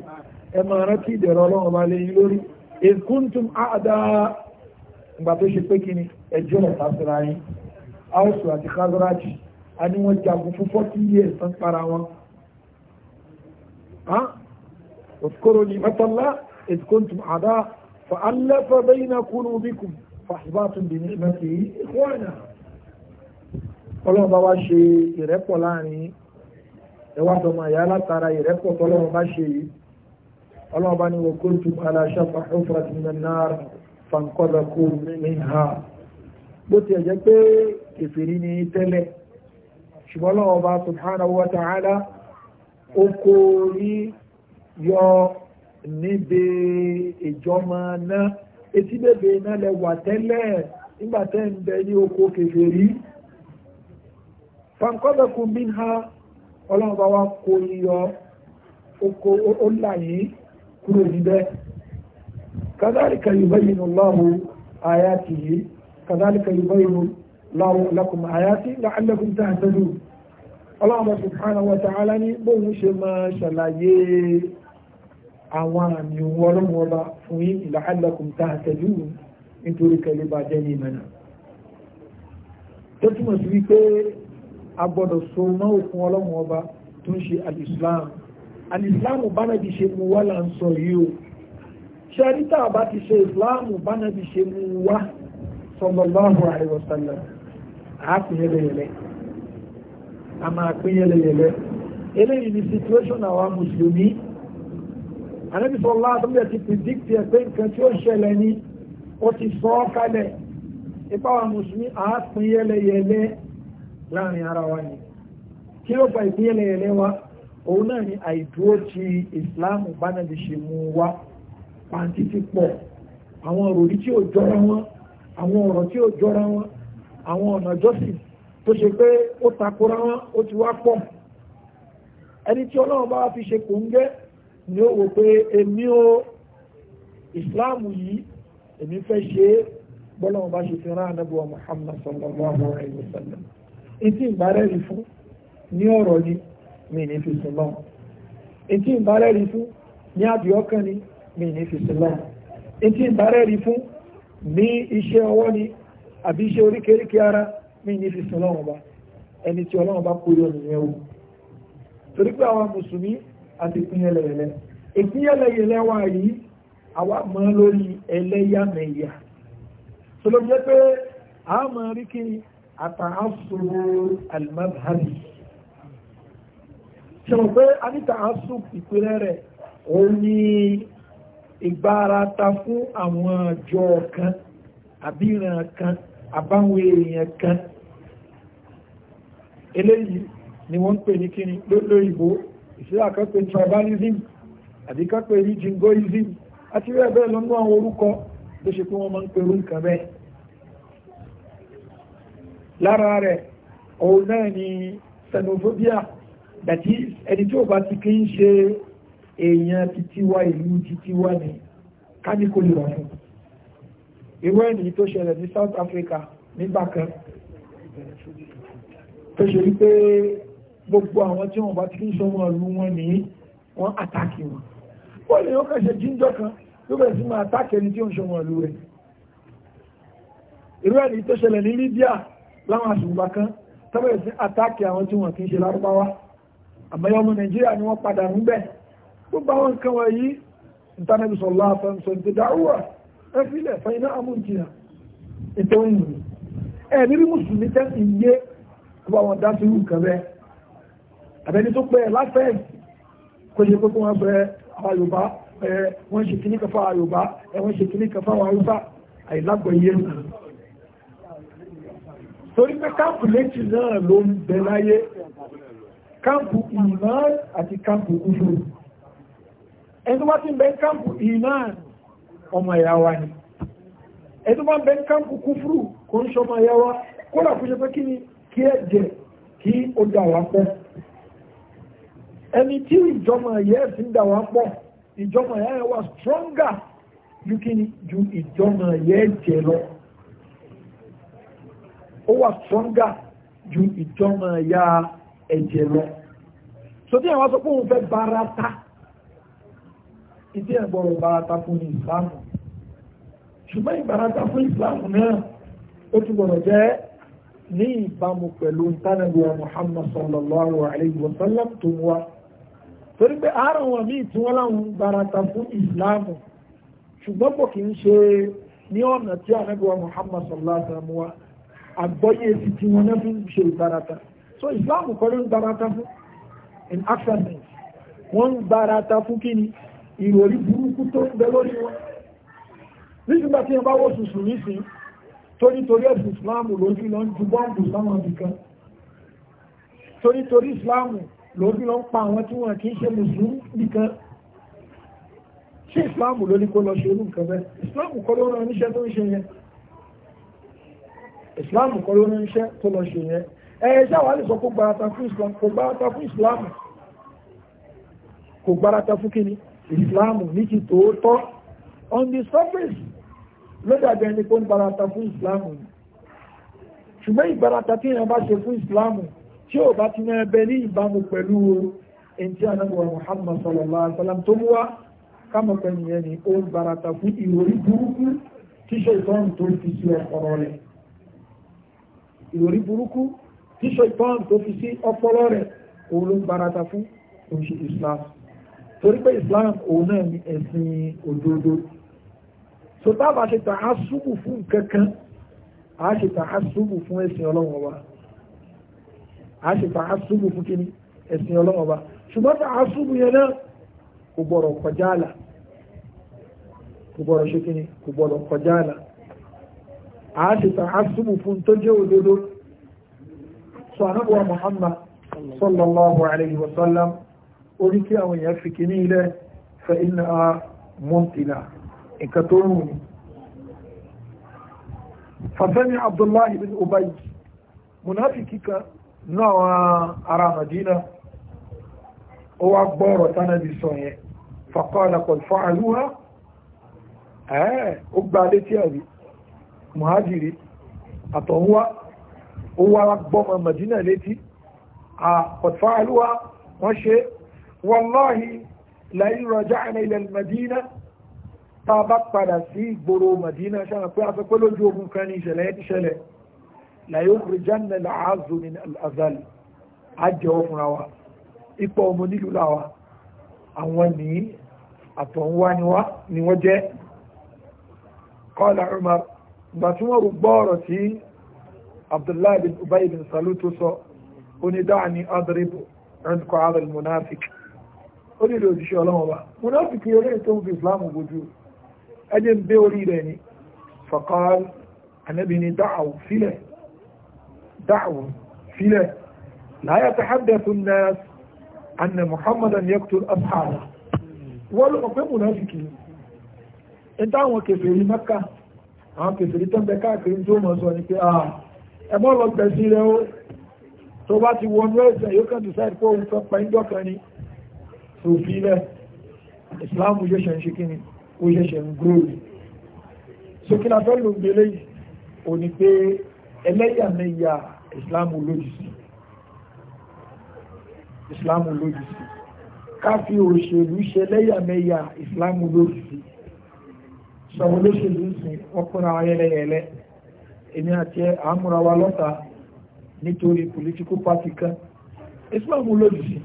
ẹ máa rántí ìdẹ̀rọ̀ ọlọ́run ọba lẹ́yìn lórí iz kuntum a'da ìgbà tó ṣe pé kíni ẹjọ́ ọ̀tá síra yín áùsù àti kázọ́rájì a ní wọ́n jagun fún forty years tán para wọn wadhkuru ni'matallahi iz kuntum a'da fa'allafa bayna qulubikum fàṣìbátún bí nígbà tí ìkọ́ọ̀nà ọlọ́run bá wá ṣe ìrẹ́pọ̀ láàrin ẹwà tọmọ àyà látara ìrẹ́pọ̀ tọ́lọ́run bá ṣe yìí ọlọ́run bá ní wọ́n kó tún aláṣà fàṣọ́fàṣì náà fàǹkọ́dà kó ní ha bó ti ẹ̀jẹ̀ pé kèfèrí ni tẹ́lẹ̀ ṣùgbọ́n ọlọ́run bá subhanahu wa ta'ala ó kó rí yọ níbi ìjọmọ náà etí bèbè iná lẹ wà tẹ́lẹ̀ nígbàtẹ́ ń bẹ ní oko kèfèrí fankọ́bẹ̀kún bí ha ọlọ́ọ̀bá wa kò yíyọ oko ó láyé kúrò níbẹ̀ kazalika yubayinu Allahu ayatihi kazalika yubayinu Allahu lakum ayati la'allakum tahtadun ọlọ́ọ̀bá subhanahu wa ta'ala ní bóun ṣe máa ṣàlàyé àwọn àmì ohun ọlọ́run ọba fún yí ìlàhálàkùn tá a tẹ̀lú nítorí kẹlẹ́ bá jẹ́ ní ìmọ̀nà tó túmọ̀ sí wípé a gbọ́dọ̀ so mọ́ òfin ọlọ́run ọba tó ń ṣe alìsílámù alìsílámù bánàbí ṣe mú wá là ń sọ yìí o ṣẹ́ríta bá ti ṣe ìsìláàmù bánàbí ṣe mú wá sallallahu alaihi àápìnyẹlẹyẹlẹ a máa pínyẹlẹyẹlẹ eléyìí ni situation àwọn mùsùlùmí ànábì sọ lọ́wọ́ àtúndẹ̀ ti predict ẹ̀ pé nǹkan tí ó ṣẹlẹ̀ ni ó ti sọ ọ́ kalẹ̀ ipá wa mùsùlùmí àápín yẹlẹyẹlẹ láàrin ara wa ni kí ló fa ìpín yẹlẹyẹlẹ wa òun náà ni àìdúró ti ìsìláàmù bánàbí ṣe mú wa pàǹtí ti pọ̀ àwọn òròrí tí ò jọra wọn àwọn ọ̀rọ̀ tí ò jọra wọn àwọn ọ̀nà jọ́sìn tó ṣe pé ó takora wọn ó ti wá pọ̀ ẹni tí ọlọ́run bá fi ṣe kò ń gẹ́ ni ó wò pé èmi ó ìsìláàmù yìí èmi fẹ́ ṣe é bọ́lọ́wọ́n bá ṣe fi rán anábíwá sallallahu alayhi wa sallam etí ìbárẹ́rì fún ní ọ̀rọ̀ ni mi ní fi sùn lọ́wọ́ etí ìbárẹ́rì fún ní àbíọ́kàn ni mi ní fi sùn lọ́wọ́ etí ìbárẹ́rì fún ní iṣẹ́ ọwọ́ ẹni tí ọlọ́wọ́n bá kúrò nìyẹn wò torí àwọn mùsùlùmí àti pín yẹlẹyẹlẹ èpín yẹlẹyẹlẹ wa yìí àwa mọ̀ lórí ẹlẹ́yàmẹ̀yà tó ló jẹ́ pé a mọ̀ rí kí àtàásùrù alimadhari ṣọ̀rọ̀ pé a ní tàásù ìpínlẹ̀ rẹ̀ ó ní ìgbárata fún àwọn kan eléyìí ni wọ́n ń pè ní kíni lórí ìbò ìṣẹ́lá kan pé tribalism àbí kan pé region goism àti rẹ̀ bẹ́ẹ̀ lọ nú àwọn orúkọ tó ṣe pé wọ́n máa ń pe orú nǹkan bẹ́ẹ̀ lára rẹ̀ òun náà ni xenophobia that is ẹni tí ò bá ti kí ń ṣe èèyàn titiwa ìlú titiwa ni ká ní kò lè fún irú ẹni tó ṣẹlẹ̀ ní South Africa nígbà kan tó ṣe wípé gbogbo àwọn tí wọ́n bá ti ń sọ wọn lu wọn ní wọ́n àtàkì wọn wọ́n lè yóò kẹsẹ̀ jíjọ kan ló bẹ̀rẹ̀ sí máa àtàkì ẹni tí ó ń sọ wọn lu rẹ̀ irú ẹni tó ṣẹlẹ̀ ní Libya láwọn àṣùgbà kan tó bẹ̀rẹ̀ sí àtàkì àwọn tí wọ́n kì í ṣe lárúbáwá àmọ́yọ́ ọmọ Nàìjíríà ni wọ́n padà ń bẹ̀ gbogbo àwọn nǹkan wọ̀nyí ìtànàbí sọ̀lá afẹ́mṣọ́ ti dáwà ẹfílẹ̀ fẹ́yìnà amúntìyà ètò ìrìn ẹ̀rí mùsùlùmí àbẹ́ni tó pẹ́ láfẹ́ kò ṣe pé kí wọ́n bẹ àwọn yorùbá wọ́n ṣe kíní kan fáwọn yorùbá wọ́n ṣe kíní kan fáwọn haúsá àìlágbọ̀nyé torí pé káàpù méjì náà ló ń bẹ láyé káàpù ìmán àti káàpù kúfúrù ẹni tó bá ti ń bẹ káàpù ìmán ọmọ ẹ̀yà wa ni ẹni tó bá ń bẹ káàpù kúfúrù kò ń ṣọmọ ẹ̀yà wa kó ẹni tí ìjọmọ̀ ẹ̀yẹ́ ẹ̀sìn dà wá pọ̀ ìjọmọ̀ ẹ̀yẹ́ wà stronger ju kí ni ju ìjọmọ̀ ẹ̀yẹ́ ẹ̀jẹ̀ lọ ó wà stronger ju ìjọmọ̀ ẹ̀yà ẹ̀jẹ̀ lọ so tí àwọn sọ pé òun fẹ́ barata ìdí ẹ̀gbọ́rọ̀ barata fún ní ìsìlámù ṣùgbọ́n ìbarata fún ìsìlámù náà ó ti gbọ́dọ̀ jẹ́ ní ìbámu pẹ̀lú ìtànàbíwa Muhammad sallallahu alayhi wa sallam tó wá torí pé àárọ̀ wọn míì tí wọ́n láwọn barata fún ìsìláàmù ṣùgbọ́n pọ̀ kì ṣe ní ọ̀nà tí ànábì wa Muhammad sallallahu alaihi wa sallam wa àgbọ́yé ti tí wọ́n náà fi ń ṣe ìbarata so ìsìláàmù kọ́ ló ń barata fún in action wọ́n ń barata fún kí ni ìròrí burúkú tó ń bẹ lórí wọn nígbà tí wọ́n bá wọ́ sùsù nísìn tó ẹ̀sùn ìsìláàmù lójú lọ ń ju bọ́ǹbù sáwọn ibìkan tó ìsìláàmù lóbi lọ ń pa àwọn tí wọ́n kì í ṣe mùsùlùmí nìkan ṣé ìsìláàmù ló ní kó lọ ṣe irú nǹkan bẹ́ẹ̀ ìsìláàmù kọ́ ló rán níṣẹ́ tó ń ṣe yẹn ìsìláàmù kọ́ ló rán níṣẹ́ tó lọ ṣe yẹn ẹ̀ẹ́ ṣáwá lè sọ kó gbarata fún ìsìláàmù kò gbarata fún ìsìláàmù kò gbarata fún kíni ìsìláàmù ní ti tòótọ́ on the surface ló dàbí ẹni kó ń gbarata fún ìsìláàmù ṣùgbọ́n ìgbarata tí èèyàn bá ṣe fún ìsìláàmù tí ó bá ti náà bẹ ní ìbámu pẹ̀lú ẹ̀ntí anábọ̀wà Muhammad sallallahu alaihi wasallam tó mú wá kámọ̀ pẹ̀lú yẹn ni ó ń barata fún ìròrí burúkú tí ṣètọ́n tó fi sí ọpọlọ rẹ̀ ìròrí burúkú tí ṣètọ́n tó fi sí ọpọlọ rẹ̀ òun ló ń barata fún oṣù Islam torí pé Islam òun náà ni ẹ̀sìn òdodo so tábà ṣe tàá súbù fún kankan àá ṣe tàá fún ẹ̀sìn ọlọ́wọ́ wa a ṣe ta asúbù fún kíní ẹ̀sìn ọlọ́wọ́ bá ṣùgbọ́n ta asúbù yẹn náà kò gbọ́dọ̀ kọjá àlà kò gbọ́dọ̀ ṣe kíní kò gbọ́dọ̀ kọjá àlà a ṣe ta asúbù fún tó jẹ́ òdodo sọ anábọ̀ Muhammad sallallahu alayhi wa sallam orí kí àwọn èèyàn fi kíní ilẹ̀ fa iná mọ́ntìlá nǹkan tó rùn ní fàfẹ́mi Abdullahi bin Ubayi munafiki kan náà ará Madina ó wá gbọ́rọ̀ tánàbí sọ yẹn faqala qad fa'aluha ẹ̀ẹ́ ó gba létí àrí muhajiri àtọ̀húnwá ó wá gbọ́mọ Madina létí à qad fa'aluha wọ́n ṣe wallahi la in raja'na ila al-Madina tá a bá padà sí ìgboro Madina ṣáà pé a sọ pé ogun kan ní ìṣẹ̀lẹ̀ ẹ̀ làyò kùrìjánà làázù ní àzàlì àjẹ́wọ́ fúnra wa ipò ọmọ nílùú làwà àwọn ní àtọ̀nwá ni wọ́n jẹ́ kọ́lá Umar gbà tí wọ́n gbọ́ ọ̀rọ̀ tí Abdullahi bin Ubay bin Salul tó sọ ó ní dáa ní adribu ẹnkọ́ adal munafik ó nílò òṣìṣẹ́ ọlọ́wọ́ wa munafik yóò rẹ̀ tó ń fi Islam gbójú ẹjẹ́ ń bẹ́ orí rẹ̀ ni faqal anábìnrin dáa sílẹ̀ دعوة في لا لا يتحدث الناس أن محمدا يقتل أصحابه wọ́n mọ̀ pé mùnáfìkì ní táwọn kèfèrí mẹ́kà àwọn kèfèrí tó ń bẹ káàkiri tó mọ̀ sọ ní pé à ẹmọ́ lọ gbẹ̀sí rẹ̀ ó tó bá ti wọnú ẹ̀sẹ̀ yóò kàn decide pé òun fẹ́ pa ń dọ́kan ni tó fi rẹ̀ Islam ó ṣẹ̀ṣẹ̀ ń ṣe kí ni ó ṣẹ̀ṣẹ̀ ń gbóòrì so kí la fẹ́ lò gbélé yìí ò ní pé ẹlẹ́yàmẹ̀yà ìsìláàmù lòdì sí ìsìláàmù lòdì sí káfí òṣèlú ṣe lẹ́yàmẹ̀yà ìsìláàmù lòdì sí sọ̀rọ̀ olóṣèlú sìn ọkùnrin àwọn ayẹlẹyẹlẹ èmi àti àmúra wa lọ́ta nítorí political party kan ìsìláàmù lòdì sí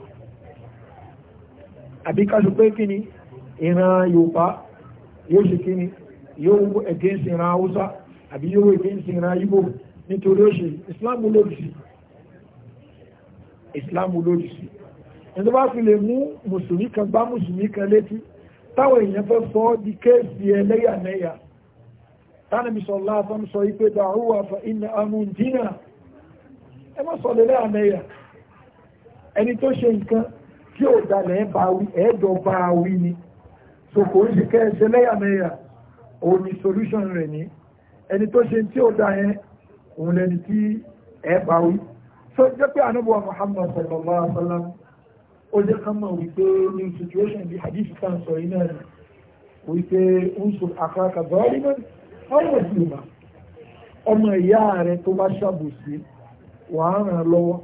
pé kí ìran Yorùbá yóò ṣe kí ni yóò against ìran Haúsá àbí yóò against ìran Igbo nítorí ó ṣe islam lòdìsí islam lòdìsí ẹni tó bá fi lè mú mùsùlùmí kan bá mùsùlùmí kan létí táwọn èèyàn fẹ́ sọ ọ́ di kéèsì ẹlẹ́yàmẹ́yà tánàbí sọ láàtán sọ ipé dàrúwà fa iná amúndínà ẹ má sọ lẹ́lẹ́yàmẹ́yà ẹni tó ṣe nǹkan tí ó dalẹ̀ ẹ̀ẹ́dọ̀ bá wí ni so kò ń ṣe kẹ́ẹ̀ṣẹ́ lẹ́yàmẹ́yà òun ni solution rẹ̀ ní ẹni tó ṣe tí ó da yẹn òun lẹni tí ẹ bá wí so jẹ́ pé anábọ̀ Muhammad sallallahu alaihi wa sallam ó jẹ́ ká mọ̀ wípé ní situation bí hadith kan sọ yìí náà wípé ń sọ àkàkà bọ́ọ̀lì náà ọ̀rọ̀ ìgbìmọ̀ ọmọ ìyá rẹ̀ tó bá ṣàbòsí wàá ràn lọ́wọ́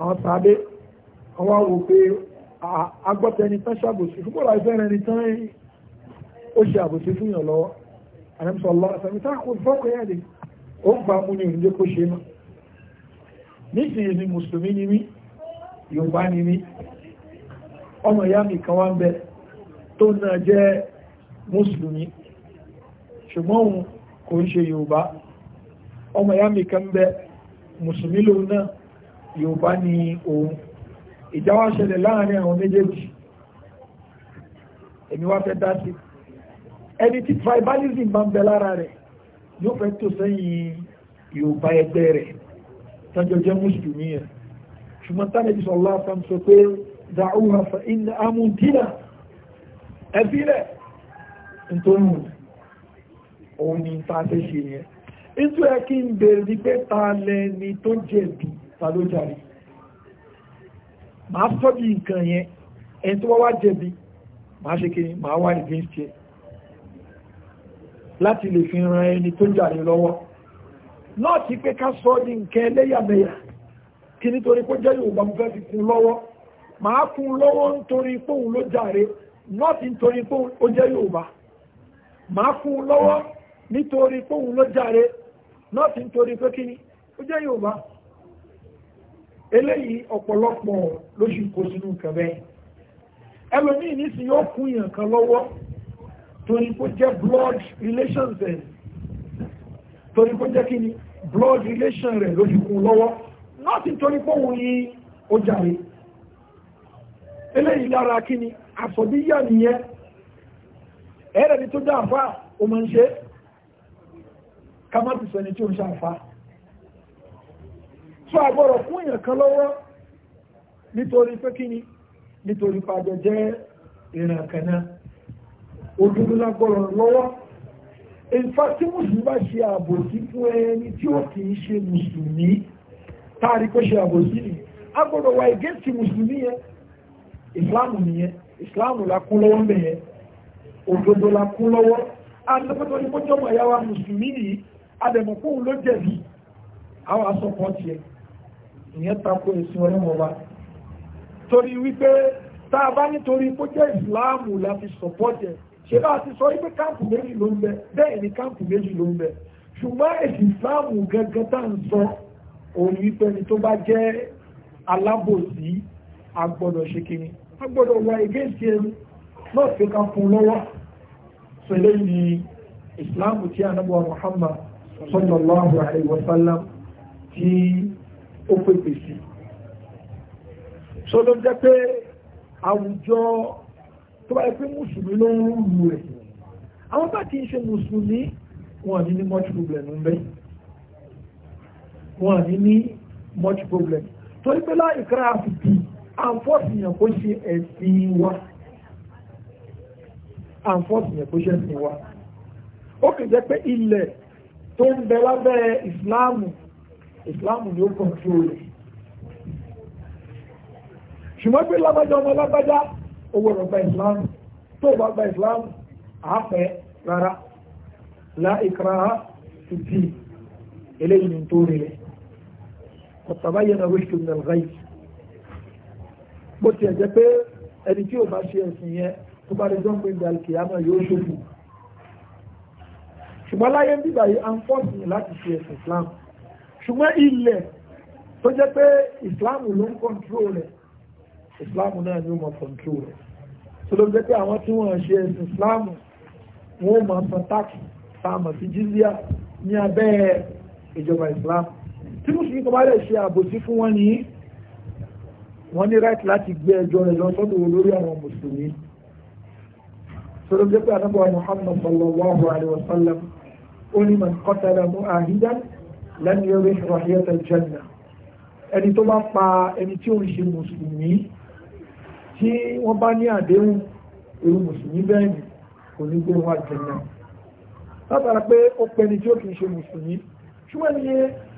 àwọn tàbí àwọn àwò pé agbọ́tẹni tán ṣàbòsí fún bọ́lá ìfẹ́ rẹ̀ tán ó ṣe àbòsí fún yàn lọ́wọ́ àrẹ́mùsọ̀lọ́ àtàmì táàkùn fọ́kọ̀ yà ó gbà mú ní òun jẹ́ kó ṣe mọ́ nísìnyí ni mùsùlùmí ni mí yorùbá ni mí ọmọ ìyá mi kan wá ń bẹ tó náà jẹ́ mùsùlùmí ṣùgbọ́n òun kò ń ṣe yorùbá ọmọ ìyá mi kan bẹ mùsùlùmí lòun náà yorùbá ni òun ìjà wá ṣẹlẹ̀ láàrin àwọn méjèèjì èmi wá fẹ́ dá sí ẹni tí tribalism bá ń bẹ lára rẹ̀ yóò fẹ́ tó sẹ́yìn yorùbá ẹgbẹ́ rẹ̀ tájọ jẹ́ mùsùlùmí ẹ̀ ṣùgbọ́n tánàbí sọ̀lá fam sọ pé da'uha fa inna amúdínà ẹ̀fílẹ̀ nítorí òun ni ta fẹ́ ṣe yẹn nítorí ẹ kí n bèrè ní pé ta lẹni tó jẹ̀bi ta ló jàre màá sọ́bi nǹkan yẹn ẹni tó wá wá jẹ̀bi màá ṣe kí ni màá wá against yẹn láti lè fi ran ẹni tó jàre lọ́wọ́ náà ti pé ká sọ ní nǹkan ẹlẹ́yàmẹ̀yà kí nítorí pé jẹ́ Yorùbá mo fẹ́ fi kún lọ́wọ́ màá kún lọ́wọ́ nítorí póun ló jàre náà ti nítorí póun ó jẹ́ Yorùbá màá kún lọ́wọ́ nítorí póun ló jàre náà nítorí pé kí ni ó jẹ́ Yorùbá eléyìí ọ̀pọ̀lọpọ̀ lóṣù kó sínú nǹkan bẹ́ẹ̀ ẹlòmíì nísìnyí ó kún yàn kan lọ́wọ́ torí kó jẹ́ blood relations ẹ̀ torí kó jẹ́ kí ni blood relations, rẹ̀ lójúkun lọ́wọ́ láti torí pé òun yí ó jàre eléyìí lára kí ni àfọ̀díyà nìyẹn ẹ̀rẹ̀ ni tó dá àfá o máa ń ṣe kámátì sẹni tí ó ń ṣe àfá tó àgbọ̀rọ̀ fún èèyàn kan lọ́wọ́ nítorí pé kí ni nítorí pàjọ jẹ́ ìrìn àkànná ojúdú lágbọ́rọ̀ lọ́wọ́ ìfà tí mùsùlùmí bá ṣe àbòsí fún ẹni tí ó kì í ṣe mùsùlùmí táàrí kó ṣe àbòsí ni a gbọ́dọ̀ wà ìgẹ́sì mùsùlùmí yẹn ìsìláàmù nìyẹn ìsìláàmù la kún lọ́wọ́ mbẹ̀ òdodo la kún lọ́wọ́ adẹ́gbẹ́tọ́ ni mọ́jọ́ mọ̀ yàwá mùsùlùmí nìyí adẹ̀mọ̀kóhùn ló jẹ̀bi àwọn asọ́pọ̀ tiẹ̀ ìyẹn tako ẹ̀sìn ọlọ́mọba torí wípé tá a bá nítorí kó jẹ́ ìsìláàmù la fi sọ̀pọ̀ tiẹ̀ ṣé bá a ti sọ wípé káàpù méjì ló ń bẹ bẹ́ẹ̀ ni káàpù méjì ló ń bẹ ṣùgbọ́n èsì ìsìláàmù gẹ́gẹ́ tá à ń sọ òun wípé ni tó bá jẹ́ alábòsí agbọ́dọ̀ ṣe kiri wà against ẹni náà fi ká fún lọ́wọ́ pẹ̀lú ní ìsìláàmù tí ànábì Muhammad sallallahu alaihi wasallam tí ó pèpè sí so pé àwùjọ tó bá yẹ pé mùsùlùmí ló ń rúlu rẹ̀ àwọn bá ti ń ṣe mùsùlùmí wọn ní ní much problem ń bẹ wọn ní ní much problem torí pé láì kíra àfìtì àǹfọ̀sìyàn kò ṣe ẹ̀sìn wa àǹfọ̀sìyàn kò ṣe ẹ̀sìn wa ó kì í jẹ́ pé ilẹ̀ tó ń bẹ lábẹ́ ìsìláàmù ìsìláàmù ni ó kọ̀ọ̀tù rẹ̀ ṣùgbọ́n pé lábájá ọmọ lábájá ó gbọ́dọ̀ gba ìsìláàmù tó bá gba ìsìláàmù àápẹ́ rárá láìkìráhá títí eléyìí ní tó rèé ọ̀tàbáyẹ̀nà wíṣù nàlgáyì bó tiẹ̀ jẹ́ pé ẹni tí ò bá ṣe ẹ̀sìn yẹn tó bá rí jọ́pin ìdàlùkì àmọ́ yóò ṣòfò ṣùgbọ́n láyé ń bíbà yìí à ń fọ́ọ̀sì láti ṣe ẹ̀sìn Islam ṣùgbọ́n ilẹ̀ tó jẹ́ pé Islam ló ń kọ́ńtró rẹ̀ ìsìláàmù náà ni ó mọ kọ̀ǹtró rẹ̀ tó ló jẹ́ pé àwọn tí wọ́n ṣe ẹ̀sìn ìsìláàmù wọn ó mọ san táàkì sáàmù sí jíríà ní abẹ́ ìjọba ìsìláàmù tí mùsùlùmí kan bá lè ṣe àbòsí fún wọn ní wọ́n ní right láti gbé ẹjọ́ rẹ̀ lọ sọ́dọ̀ olórí àwọn mùsùlùmí tó pé anábọ̀ Muhammad sallallahu alayhi wa sallam ó ní man qatala mu'ahidan lam yarih rahiyata al ẹni tó bá pa ẹni tí ó ń ṣe mùsùlùmí tí wọ́n bá ní àdéhùn èrò mùsùlùmí bẹ́ẹ̀ni kò ní gbé wọn àjẹ̀nà látara pé ó pẹni tí ó kìí ṣe mùsùlùmí ṣùgbọ́n ni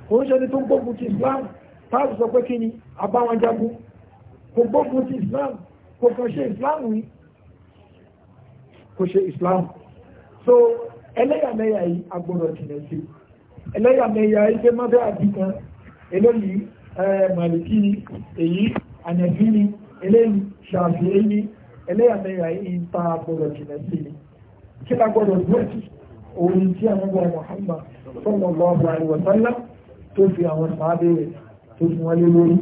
kò ń ṣe ni tó ń gbógun ti Islam táàbù sọ pé kí ni àbáwọn jagun kò gbógun ti Islam kò kàn ṣe Islam rí kò ṣe Islam so ẹlẹ́yàmẹ́yà yìí agbọ́dọ̀ jìnà sí ẹlẹ́yàmẹ́yà yìí pé mọ́bẹ́ àdìkan eléyìí ni èyí ànẹ̀bí ni eléyìí ṣàfi èyí ẹlẹ́yàmẹ̀yà yìí ń ta gbọ́dọ̀ jìnà sí ni kí la gbọ́dọ̀ gbẹ́sì òun tí a mọ́gbà Muhammad sallallahu alaihi wa sallam tó fi àwọn sàábé rẹ̀ tó fi wọ́n lé lórí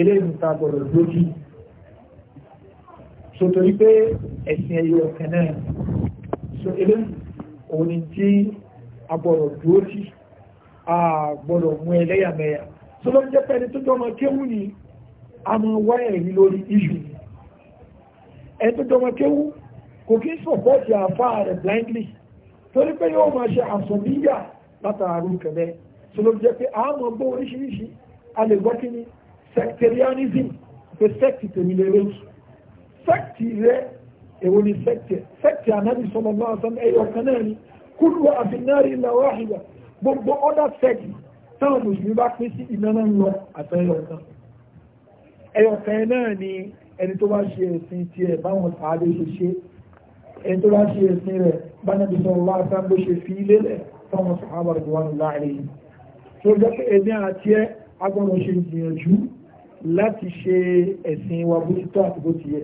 eléyìí ń ta gbọ́dọ̀ gbẹ́sì so torí pé ẹ̀sìn ẹ̀yọ ọ̀kẹ́ náà so eléyìí òun tí a gbọ́dọ̀ gbẹ́sì a gbọ́dọ̀ mú ẹlẹ́yàmẹ̀yà so ló ń jẹ́ pẹ́ni tó jọmọ kéwù ni a máa wá ẹ̀rí lórí ìṣù ẹni tó jọmọ kéwú kò kí ń sọ̀pọ̀tì àfá rẹ̀ blindly torí pé yóò máa ṣe àsọ̀bíyà látàrí kẹ̀lẹ́ tó ló jẹ́ pé àmọ́ gbọ́ oríṣiríṣi a lè gbọ́ kí ni sectarianism pé sect tèmi lè rẹ́jì sect rẹ̀ èwo ni sect sect anabi sọmọ náà sọmọ ẹyọ kan náà ni kúrú àfinárì ilà wáhìyà gbogbo ọ̀dà sect táwọn mùsùlùmí bá pín sí ìnáná ń lọ kan ẹyọ kan náà ni ẹni tó bá ṣe ẹ̀sìn tiẹ̀ báwọn sàádé ṣe ṣe ẹni tó bá ṣe ẹ̀sìn rẹ̀ bá nàbí sọ̀rọ̀ láta bó ṣe fi lélẹ̀ fáwọn sàhábà rẹ̀ wọn láàrin yìí tó jẹ́ pé ẹni àti ẹ agbọ́nà ṣe gbìyànjú láti ṣe ẹ̀sìn wa bó ti tọ́ àti bó ti yẹ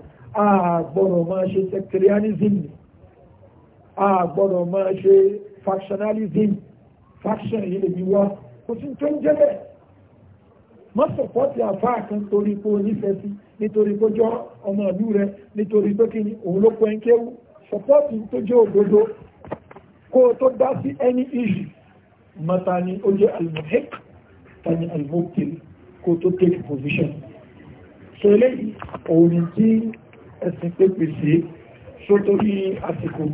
àgbọ́nà máa ṣe sectarianism àgbọ́nà máa ṣe factionalism faction yìí lè bí wá kò sí tó ń jẹ́ bẹ́ẹ̀ mọ́sọ̀pọ̀tì àfáà kan torí pé onífẹ̀ẹ́ sí nítorí pé jọ ọmọ ìlú rẹ nítorí pé kí ni òun ló pẹ́ ń kéwú sọ̀pọ̀tì tó jẹ́ òdodo kó o tó dá sí ẹni ìjì mọ́ta ni ó jẹ́ almuhik tani almokil kó o tó take position so eléyìí òun tí ẹ̀sìn pépè sí sótórí àsìkò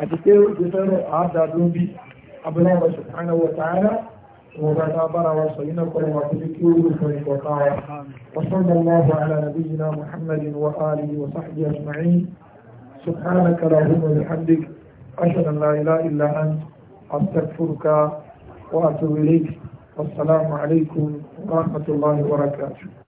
àti pé ó ti fẹ́ràn àádá lóbi abúlé ọ̀rọ̀ sọ̀kánà wọ̀ tààrà وصلى الله على نبينا محمد وآله وصحبه أجمعين سبحانك اللهم وبحمدك أشهد أن لا إله إلا أنت أستغفرك وأتوب إليك والسلام عليكم ورحمة الله وبركاته